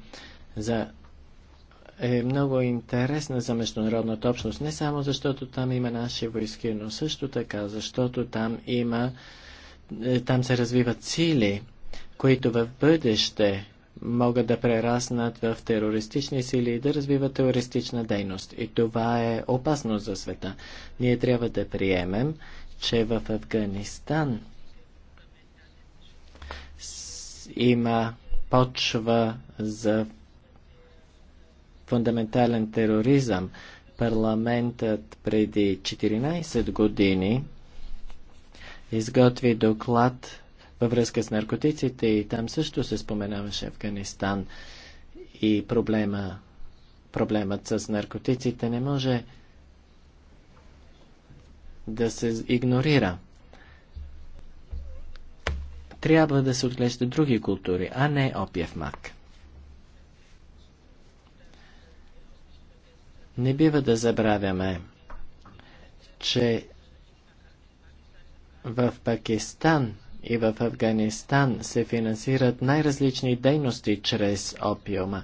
за е много интересна за международната общност, не само защото там има наши войски, но също така, защото там има, е, там се развиват сили, които в бъдеще могат да прераснат в терористични сили и да развиват терористична дейност. И това е опасно за света. Ние трябва да приемем, че в Афганистан има почва за фундаментален тероризъм. Парламентът преди 14 години изготви доклад във връзка с наркотиците и там също се споменаваше Афганистан и проблема, проблемът с наркотиците не може да се игнорира трябва да се отглеждат други култури, а не опиев мак. Не бива да забравяме, че в Пакистан и в Афганистан се финансират най-различни дейности чрез опиума.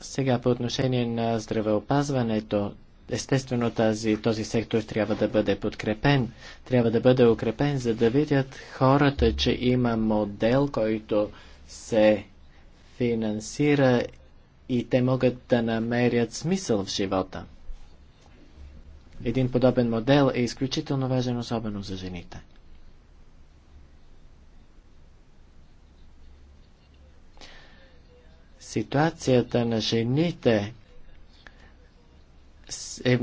Сега по отношение на здравеопазването, Естествено, тази, този сектор трябва да бъде подкрепен, трябва да бъде укрепен, за да видят хората, че има модел, който се финансира и те могат да намерят смисъл в живота. Един подобен модел е изключително важен, особено за жените. Ситуацията на жените се,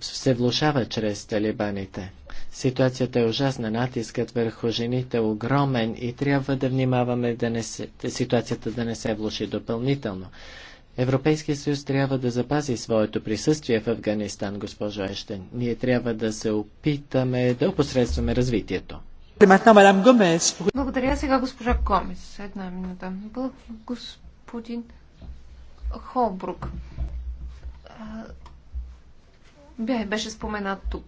се влушава чрез талибаните. Ситуацията е ужасна, натискът върху жените е огромен и трябва да внимаваме да не се, ситуацията да не се влуши допълнително. Европейския съюз трябва да запази своето присъствие в Афганистан, госпожо Ещен. Ние трябва да се опитаме да опосредстваме развитието. Благодаря сега госпожа Комис. Една минута. Господин Холбрук бе, беше споменат тук.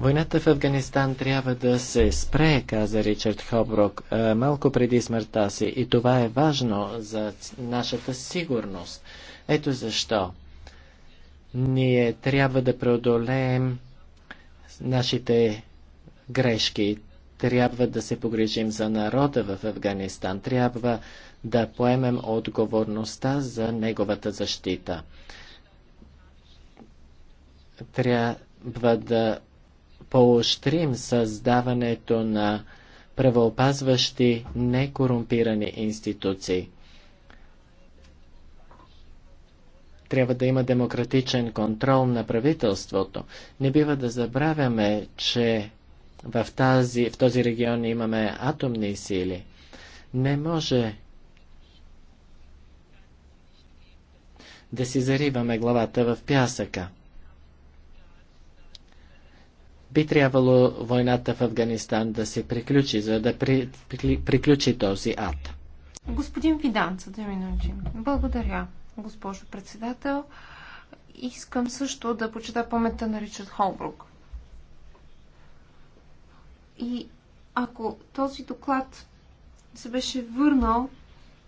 Войната в Афганистан трябва да се спре, каза Ричард Хоброк, малко преди смъртта си. И това е важно за нашата сигурност. Ето защо. Ние трябва да преодолеем нашите грешки. Трябва да се погрежим за народа в Афганистан. Трябва да поемем отговорността за неговата защита трябва да поощрим създаването на правоопазващи некорумпирани институции. Трябва да има демократичен контрол на правителството. Не бива да забравяме, че в, тази, в този регион имаме атомни сили. Не може да си зариваме главата в пясъка. Би трябвало войната в Афганистан да се приключи, за да при, при, приключи този ад. Господин Видан, за две минути. Благодаря, госпожо председател. Искам също да почита паметта на Ричард Холбрук. И ако този доклад се беше върнал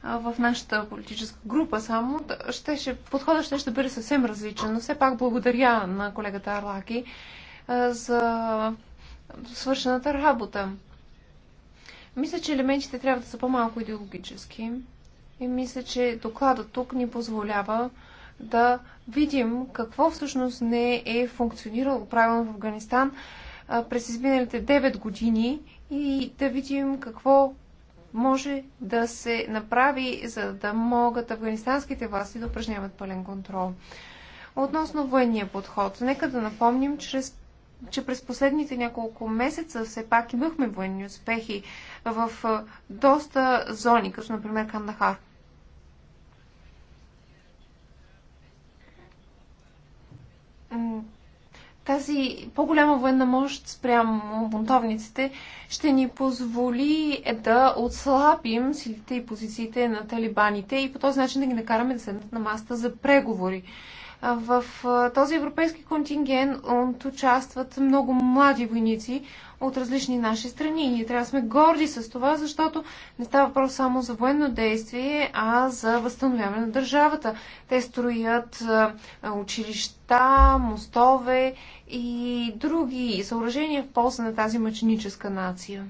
а, в нашата политическа група само, ще, подходът ще, ще бъде съвсем различен. Но все пак благодаря на колегата Арлаки за свършената работа. Мисля, че елементите трябва да са по-малко идеологически и мисля, че докладът тук ни позволява да видим какво всъщност не е функционирало правилно в Афганистан през изминалите 9 години и да видим какво може да се направи, за да могат афганистанските власти да упражняват пълен контрол. Относно военния подход, нека да напомним, чрез че през последните няколко месеца все пак имахме военни успехи в доста зони, като например Кандахар. Тази по-голяма военна мощ спрямо бунтовниците ще ни позволи е, да отслабим силите и позициите на талибаните и по този начин да ги накараме да седнат на маста за преговори. В този европейски контингент участват много млади войници от различни наши страни. Ние трябва да сме горди с това, защото не става въпрос само за военно действие, а за възстановяване на държавата. Те строят училища, мостове и други съоръжения в полза на тази мъченическа нация.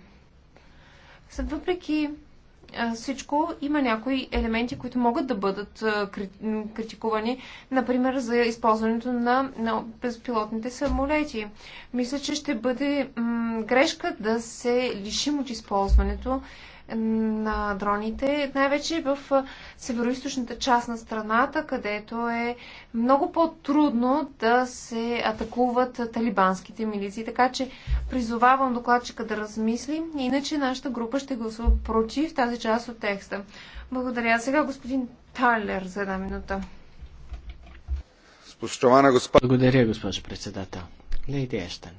След въпреки всичко има някои елементи, които могат да бъдат критикувани, например за използването на, на безпилотните самолети. Мисля, че ще бъде грешка да се лишим от използването на дроните, най-вече в северо част на страната, където е много по-трудно да се атакуват талибанските милиции. Така че призовавам докладчика да размисли, иначе нашата група ще гласува против тази част от текста. Благодаря. Сега господин Тайлер за една минута. Благодаря, госпожо председател. Лейди Ештен.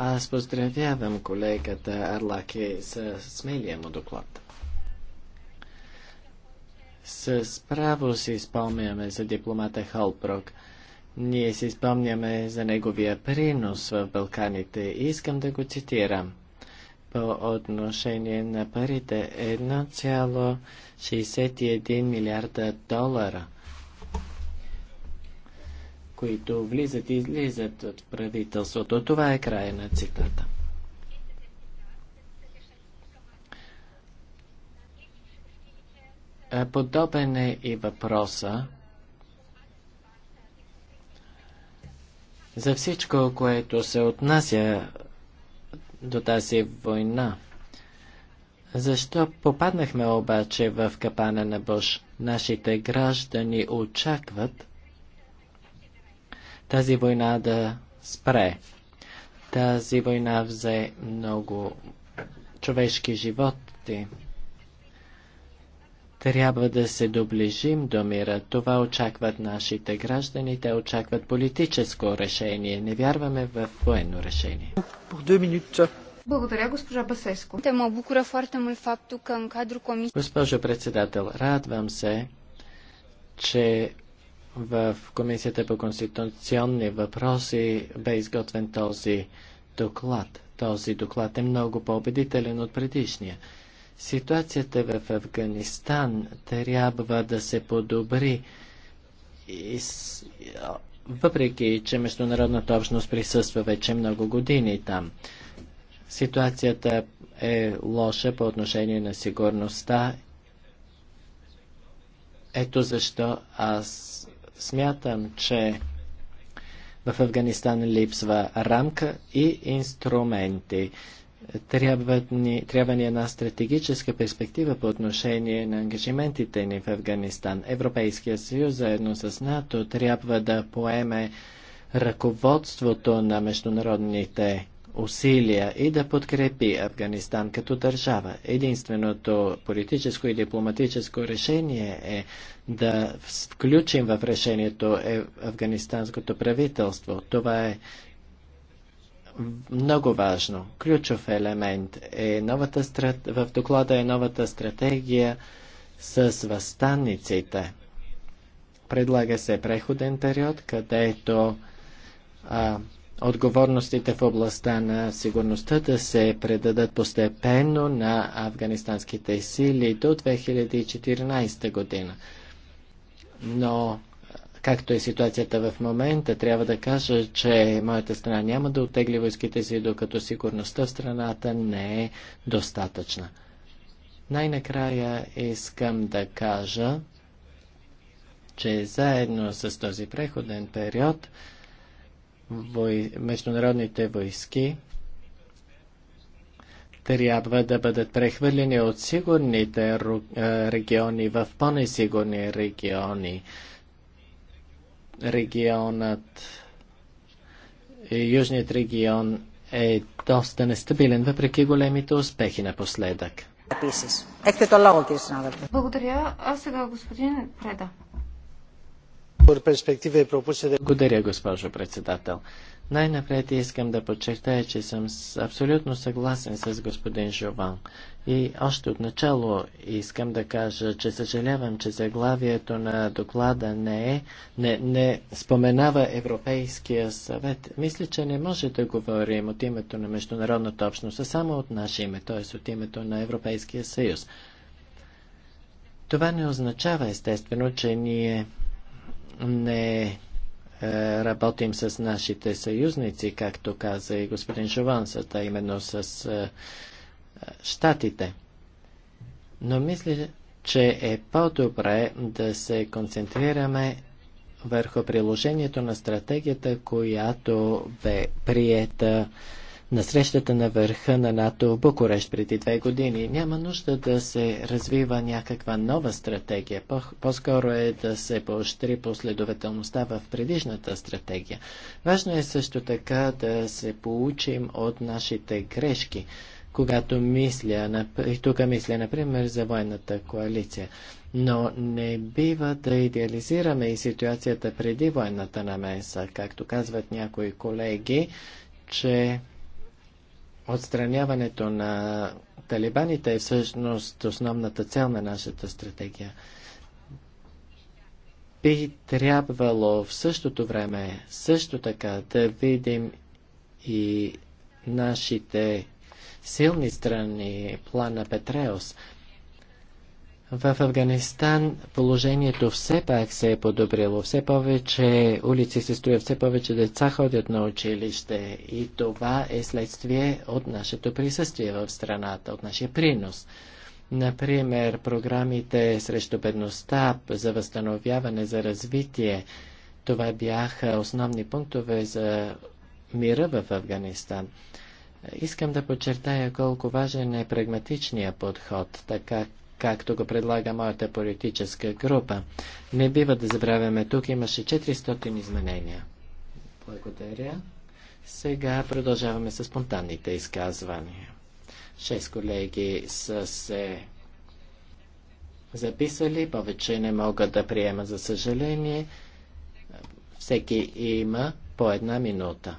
Аз поздравявам колегата Арлаке с смелия му доклад. С право си спомняме за дипломата Халпрок. Ние си спомняме за неговия принос в Балканите и искам да го цитирам. По отношение на парите 1,61 милиарда долара – които влизат и излизат от правителството. Това е края на цитата. Подобен е и въпроса за всичко, което се отнася до тази война. Защо попаднахме обаче в капана на Бош? Нашите граждани очакват тази война да спре. Тази война взе много човешки животи. Трябва да се доближим до мира. Това очакват нашите граждани. Те очакват политическо решение. Не вярваме в военно решение. Благодаря, госпожа Басеско. Те Госпожо председател, радвам се, че в Комисията по конституционни въпроси бе изготвен този доклад. Този доклад е много по-убедителен от предишния. Ситуацията в Афганистан трябва да се подобри. И с... Въпреки, че международната общност присъства вече много години там, ситуацията е лоша по отношение на сигурността. Ето защо аз Смятам, че в Афганистан липсва рамка и инструменти. Трябва ни, трябва ни една стратегическа перспектива по отношение на ангажиментите ни в Афганистан. Европейския съюз заедно с НАТО трябва да поеме ръководството на международните усилия и да подкрепи Афганистан като държава. Единственото политическо и дипломатическо решение е да включим в решението е афганистанското правителство. Това е много важно. Ключов елемент е новата страт... в доклада е новата стратегия с възстанниците. Предлага се преходен период, където а, отговорностите в областта на сигурността да се предадат постепенно на афганистанските сили до 2014 година. Но както е ситуацията в момента, трябва да кажа, че моята страна няма да отегли войските си, докато сигурността в страната не е достатъчна. Най-накрая искам да кажа, че заедно с този преходен период, вой... международните войски трябва да бъдат прехвърлени от сигурните региони в по-несигурни региони. Регионът, е, южният регион е доста нестабилен, въпреки големите успехи напоследък. Благодаря. А сега господин Преда. Благодаря, госпожо председател. Най-напред искам да подчертая, че съм абсолютно съгласен с господин Жован. И още от начало искам да кажа, че съжалявам, че заглавието на доклада не, е, не, не споменава Европейския съвет. Мисля, че не може да говорим от името на международната общност, а само от наше име, т.е. от името на Европейския съюз. Това не означава, естествено, че ние не е, работим с нашите съюзници, както каза и господин Шовансът, а именно с е, щатите. Но мисля, че е по-добре да се концентрираме върху приложението на стратегията, която бе приета на срещата на върха на НАТО в Букурещ преди две години. Няма нужда да се развива някаква нова стратегия. По-скоро е да се поощри последователността в предишната стратегия. Важно е също така да се получим от нашите грешки когато мисля, и тук мисля, например, за военната коалиция. Но не бива да идеализираме и ситуацията преди военната намеса, както казват някои колеги, че Отстраняването на талибаните е всъщност основната цел на нашата стратегия. Би трябвало в същото време също така да видим и нашите силни страни, плана Петреос – в Афганистан положението все пак се е подобрило. Все повече улици се строят, все повече деца ходят на училище и това е следствие от нашето присъствие в страната, от нашия принос. Например, програмите срещу бедността, за възстановяване, за развитие. Това бяха основни пунктове за мира в Афганистан. Искам да подчертая колко важен е прагматичният подход, така както го предлага моята политическа група. Не бива да забравяме, тук имаше 400 изменения. Благодаря. Сега продължаваме с спонтанните изказвания. Шест колеги са се записали, повече не мога да приема, за съжаление. Всеки има по една минута.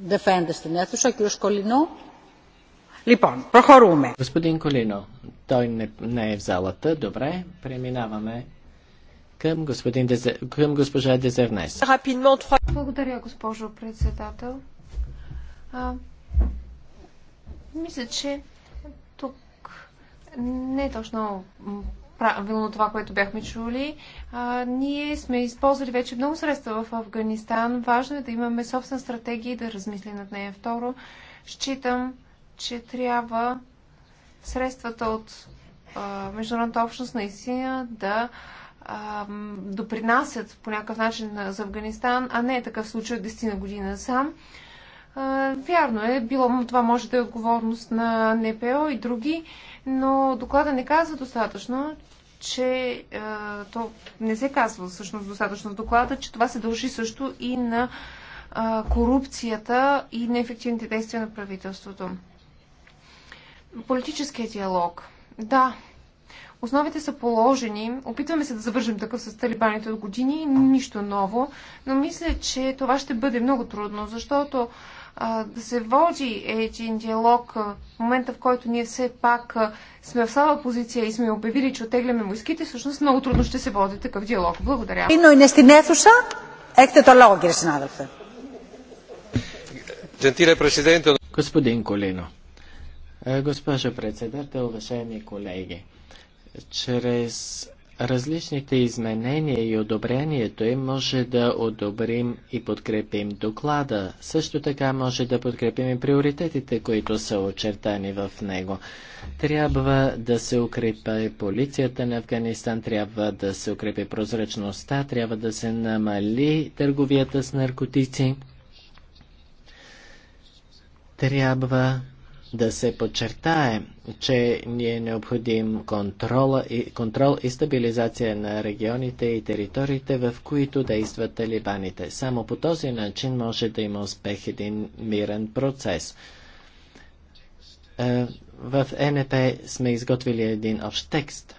Господин Колино, той не, не е в залата. Добре, преминаваме към, господин Дезе, към госпожа Дезевнес. Благодаря, госпожо председател. А, мисля, че тук не е точно правилно това, което бяхме чули. А, ние сме използвали вече много средства в Афганистан. Важно е да имаме собствена стратегия и да размислим над нея. Второ, считам, че трябва средствата от а, международната общност наистина да а, допринасят по някакъв начин за Афганистан, а не е такъв случай от 10 на година сам. А, вярно е, било това може да е отговорност на НПО и други, но доклада не казва достатъчно, че а, е, то не се казва всъщност достатъчно в доклада, че това се дължи също и на а, е, корупцията и неефективните действия на правителството. Политическият диалог. Да, основите са положени. Опитваме се да завържем такъв с талибаните от години. Нищо ново. Но мисля, че това ще бъде много трудно, защото да се води един диалог в момента, в който ние все пак сме в слаба позиция и сме обявили, че отегляме войските, всъщност много трудно ще се води такъв диалог. Благодаря. И и но не сте не слуша, στην то лого, το Сенадърфе. κύριε συνάδελφε. Господин Колино, е, госпожо председател, уважаеми колеги, чрез различните изменения и одобрението им може да одобрим и подкрепим доклада. Също така може да подкрепим и приоритетите, които са очертани в него. Трябва да се укрепи полицията на Афганистан, трябва да се укрепи прозрачността, трябва да се намали търговията с наркотици. Трябва да се подчертаем че ни е необходим контрола и, контрол и стабилизация на регионите и териториите, в които действат талибаните. Само по този начин може да има успех един мирен процес. Е, в е НП сме изготвили един общ текст.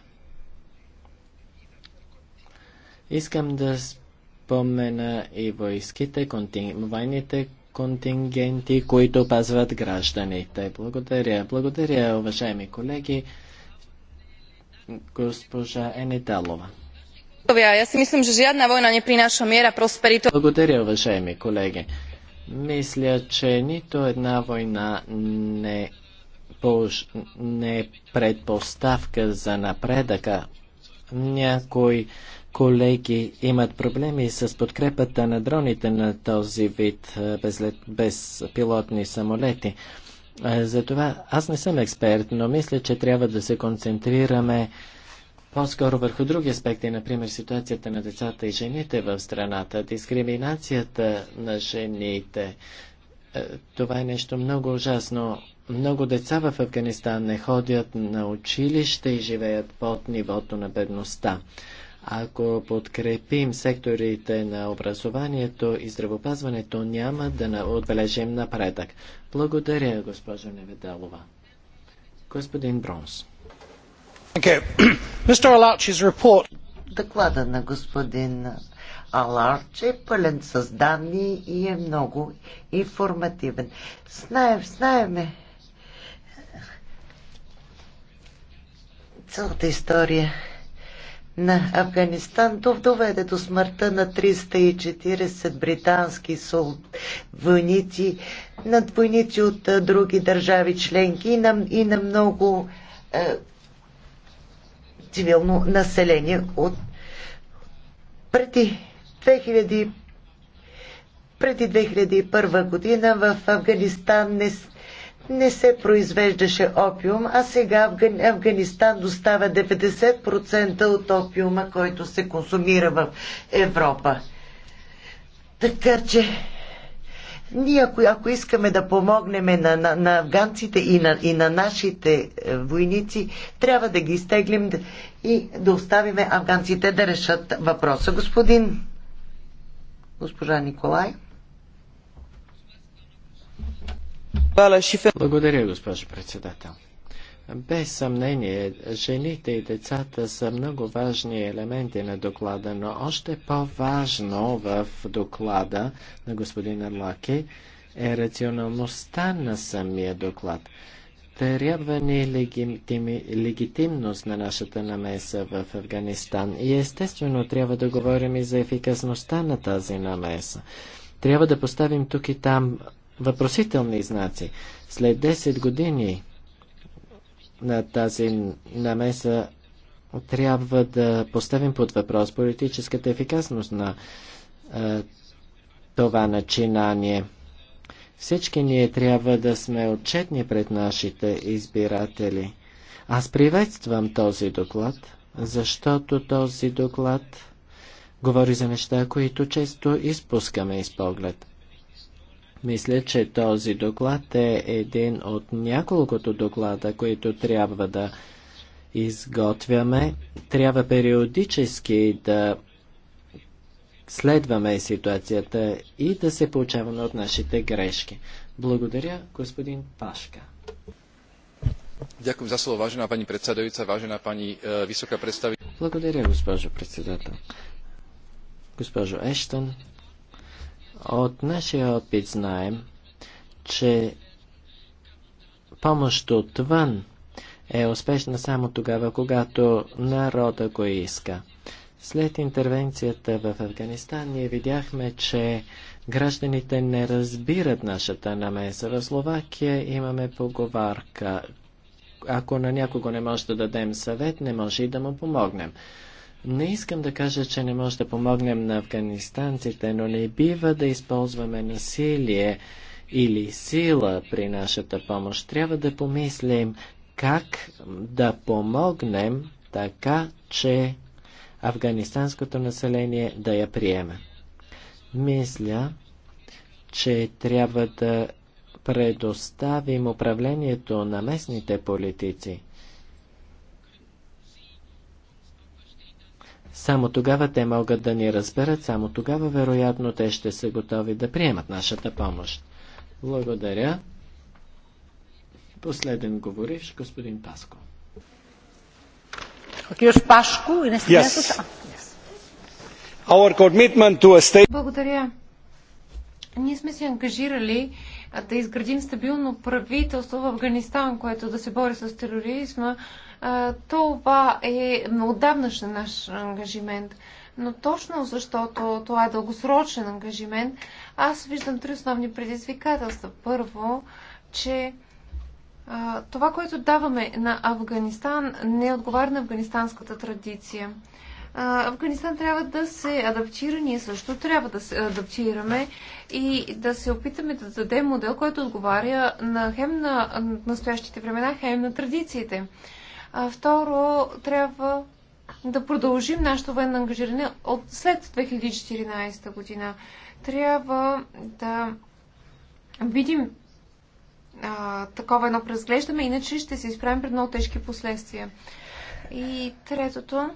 Искам да спомена и войските, контин... войните контингенти, които пазват гражданите. Благодаря. Благодаря, уважаеми колеги. Госпожа Ениталова. Благодаря, уважаеми колеги. Мисля, че нито една война не, не е предпоставка за напредъка. Някои колеги имат проблеми с подкрепата на дроните на този вид безпилотни самолети. Затова аз не съм експерт, но мисля, че трябва да се концентрираме по-скоро върху други аспекти, например ситуацията на децата и жените в страната, дискриминацията на жените, е, това е нещо много ужасно. Много деца в Афганистан не ходят на училище и живеят под нивото на бедността. Ако подкрепим секторите на образованието и здравопазването, няма да отбележим напредък. Благодаря, госпожо Неведалова. Господин Бронс. Доклада на господин Аларч е пълен с данни и е много информативен. Знаем, знаеме цялата история на Афганистан доведе до смъртта на 340 британски войници, над войници от други държави членки и на, и на много е, цивилно население от преди 2000, преди 2001 година в Афганистан не, не се произвеждаше опиум, а сега Афганистан доставя 90% от опиума, който се консумира в Европа. Така че ние, ако, ако искаме да помогнем на, на, на афганците и на, и на нашите е, войници, трябва да ги изтеглим и да оставим афганците да решат въпроса. Господин Госпожа Николай. Благодаря, госпожо председател. Без съмнение, жените и децата са много важни елементи на доклада, но още по-важно в доклада на господина Лаки е рационалността на самия доклад. Трябва ни легитимност на нашата намеса в Афганистан и естествено трябва да говорим и за ефикасността на тази намеса. Трябва да поставим тук и там въпросителни знаци. След 10 години на тази намеса трябва да поставим под въпрос политическата ефикасност на е, това начинание. Всички ние трябва да сме отчетни пред нашите избиратели. Аз приветствам този доклад, защото този доклад говори за неща, които често изпускаме из поглед. Мисля, че този доклад е един от няколкото доклада, които трябва да изготвяме. Трябва периодически да следваме ситуацията и да се получаваме от нашите грешки. Благодаря, господин Пашка. Ďakujem za slovo, vážená pani predsedajúca, vážená pani e, vysoká Благодаря, госпожо председател. Госпожо Ештън, от нашия опит знаем, че помощ отвън е успешна само тогава, когато народа го иска. След интервенцията в Афганистан ние видяхме, че гражданите не разбират нашата намеса. В Словакия имаме поговарка. Ако на някого не може да дадем съвет, не може и да му помогнем. Не искам да кажа, че не може да помогнем на афганистанците, но не бива да използваме насилие или сила при нашата помощ. Трябва да помислим как да помогнем така, че афганистанското население да я приеме. Мисля, че трябва да предоставим управлението на местните политици. Само тогава те могат да ни разберат, само тогава вероятно те ще са готови да приемат нашата помощ. Благодаря. Последен говориш, господин Паско. Благодаря. Ние сме се ангажирали да изградим стабилно правителство в Афганистан, което да се бори с тероризма. Това е отдавнашен наш ангажимент. Но точно защото това е дългосрочен ангажимент, аз виждам три основни предизвикателства. Първо, че това, което даваме на Афганистан, не отговаря на афганистанската традиция. Афганистан трябва да се адаптира, ние също трябва да се адаптираме и да се опитаме да дадем модел, който отговаря на хем на настоящите времена, хем на традициите. Второ, трябва да продължим нашето военно ангажиране от след 2014 година. Трябва да видим а, такова едно преразглеждаме, иначе ще се изправим пред много тежки последствия. И третото,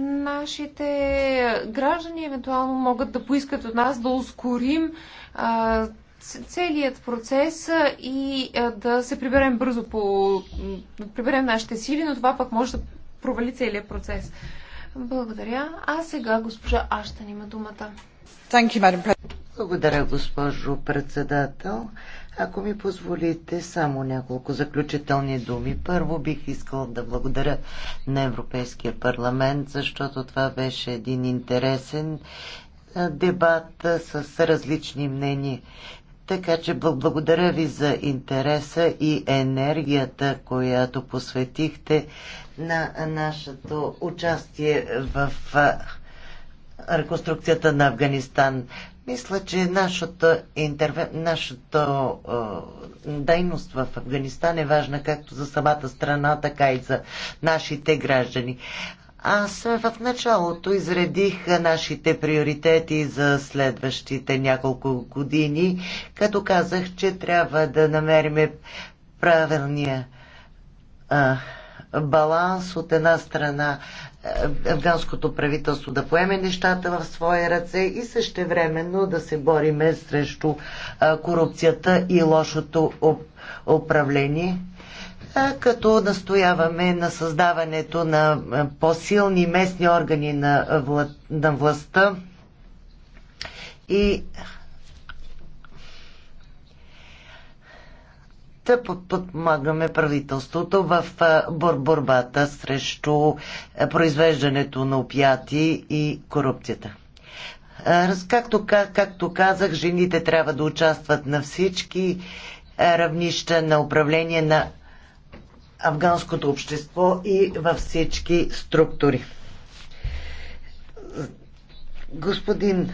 нашите граждани евентуално могат да поискат от нас да ускорим а, целият процес и а, да се приберем бързо по... да приберем нашите сили, но това пък може да провали целият процес. Благодаря. А сега госпожа Аштан има думата. Благодаря, госпожо председател. Ако ми позволите, само няколко заключителни думи. Първо бих искал да благодаря на Европейския парламент, защото това беше един интересен дебат с различни мнения. Така че благодаря ви за интереса и енергията, която посветихте на нашето участие в реконструкцията на Афганистан. Мисля, че нашата, интерв... нашата е, дейност в Афганистан е важна както за самата страна, така и за нашите граждани. Аз в началото изредих нашите приоритети за следващите няколко години, като казах, че трябва да намерим правилния баланс от една страна е, афганското правителство да поеме нещата в свои ръце и същевременно да се бориме срещу е, корупцията и лошото управление е, като настояваме на създаването на по-силни местни органи на, вла... на властта и да подпомагаме правителството в борбата срещу произвеждането на опияти и корупцията. Както, както казах, жените трябва да участват на всички равнища на управление на афганското общество и във всички структури. Господин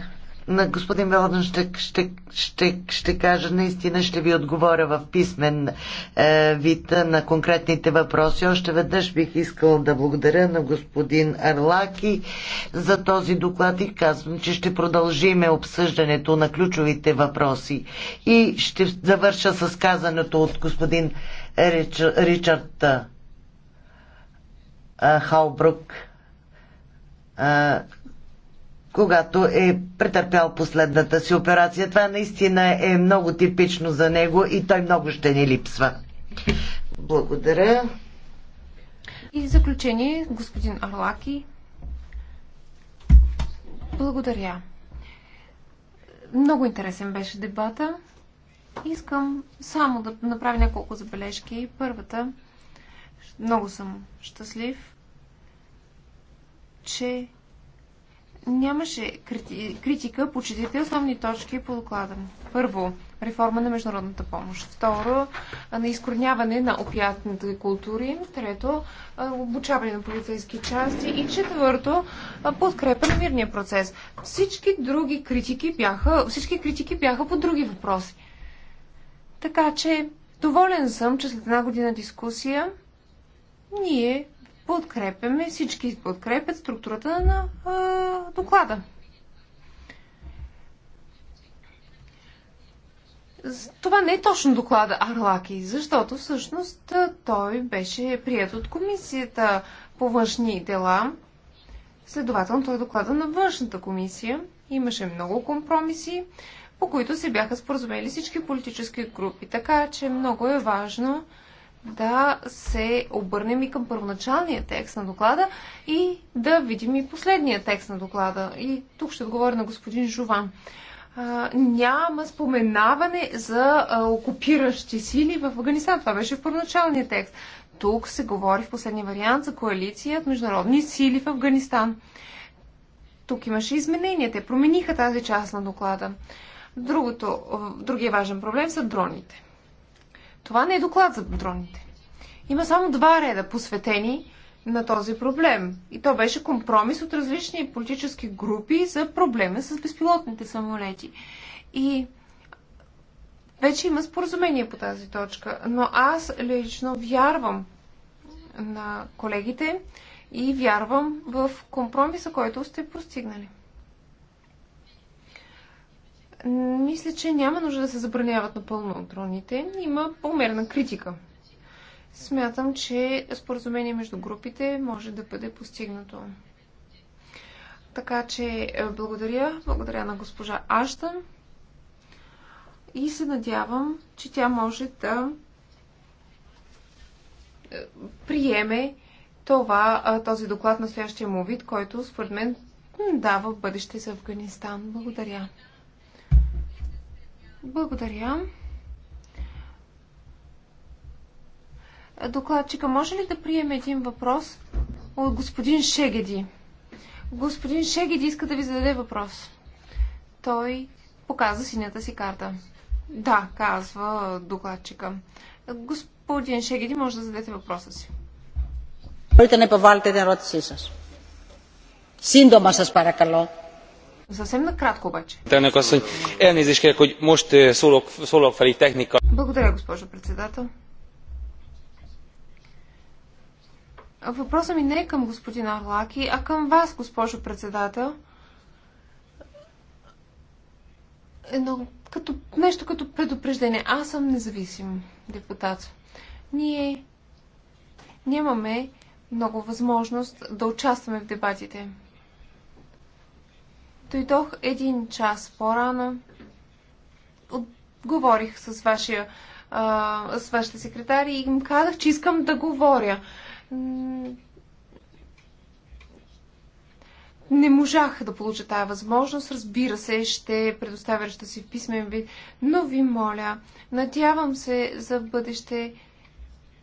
на господин Велден ще, ще, ще, ще кажа, наистина ще ви отговоря в писмен е, вид на конкретните въпроси. Още веднъж бих искала да благодаря на господин Арлаки за този доклад и казвам, че ще продължиме обсъждането на ключовите въпроси и ще завърша с казаното от господин Рич, Ричард е, Халбрук. Е, когато е претърпял последната си операция. Това наистина е много типично за него и той много ще ни липсва. Благодаря. И в заключение, господин Арлаки, благодаря. Много интересен беше дебата. Искам само да направя няколко забележки. Първата, много съм щастлив, че нямаше критика по четирите основни точки по доклада. Първо, реформа на международната помощ. Второ, на изкореняване на опиятните култури. Трето, обучаване на полицейски части. И четвърто, подкрепа на мирния процес. Всички други критики бяха, всички критики бяха по други въпроси. Така че, доволен съм, че след една година дискусия ние подкрепяме, всички подкрепят структурата на а, доклада. Това не е точно доклада Арлаки, защото всъщност той беше прият от комисията по външни дела. Следователно той е доклада на външната комисия. Имаше много компромиси, по които се бяха споразумели всички политически групи. Така че много е важно да се обърнем и към първоначалния текст на доклада и да видим и последния текст на доклада. И тук ще отговоря на господин Жуван. А, няма споменаване за а, окупиращи сили в Афганистан. Това беше в първоначалния текст. Тук се говори в последния вариант за коалиция от международни сили в Афганистан. Тук имаше изменения. Те промениха тази част на доклада. Другото, другия важен проблем са дроните. Това не е доклад за дроните. Има само два реда посветени на този проблем. И то беше компромис от различни политически групи за проблема с безпилотните самолети. И вече има споразумение по тази точка, но аз лично вярвам на колегите и вярвам в компромиса, който сте постигнали мисля, че няма нужда да се забраняват напълно дроните. Има умерена критика. Смятам, че споразумение между групите може да бъде постигнато. Така че е, благодаря, благодаря на госпожа Аштън и се надявам, че тя може да е, приеме това, е, този доклад на следващия му вид, който според мен дава бъдеще за Афганистан. Благодаря. Благодаря. Докладчика, може ли да приеме един въпрос от господин Шегеди? Господин Шегеди иска да ви зададе въпрос. Той показа синята си карта. Да, казва докладчика. Господин Шегеди, може да зададете въпроса си. Μπορείτε не повалите на ερώτησή с. Синдома с паракало. Съвсем накратко обаче. Е, Благодаря, госпожо председател. Въпросът ми не е към господин Арлаки, а към вас, госпожо председател. Едно, като, нещо като предупреждение. Аз съм независим депутат. Ние нямаме много възможност да участваме в дебатите. Дойдох един час по-рано. Говорих с, вашия, а, с вашите секретари и им казах, че искам да говоря. Не можах да получа тая възможност. Разбира се, ще предоставя речта си в писмен вид, но ви моля, надявам се за бъдеще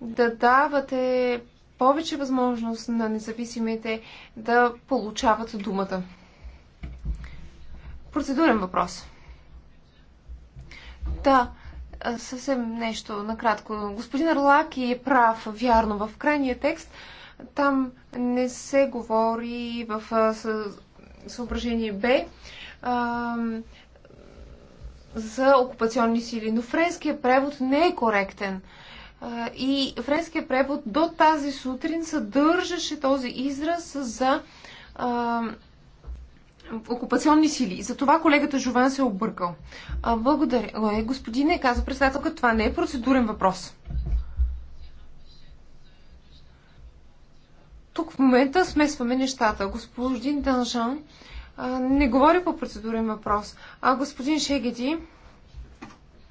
да давате повече възможност на независимите да получават думата. Процедурен въпрос. Да, съвсем нещо накратко. Господин Арлаки е прав, вярно, в крайния текст там не се говори в съображение Б за окупационни сили, но френският превод не е коректен. и френският превод до тази сутрин съдържаше този израз за окупационни сили. За това колегата Жован се е объркал. А, благодаря. Е, господине, каза председателка, това не е процедурен въпрос. Тук в момента смесваме нещата. Господин Данжан не говори по процедурен въпрос, а господин Шегеди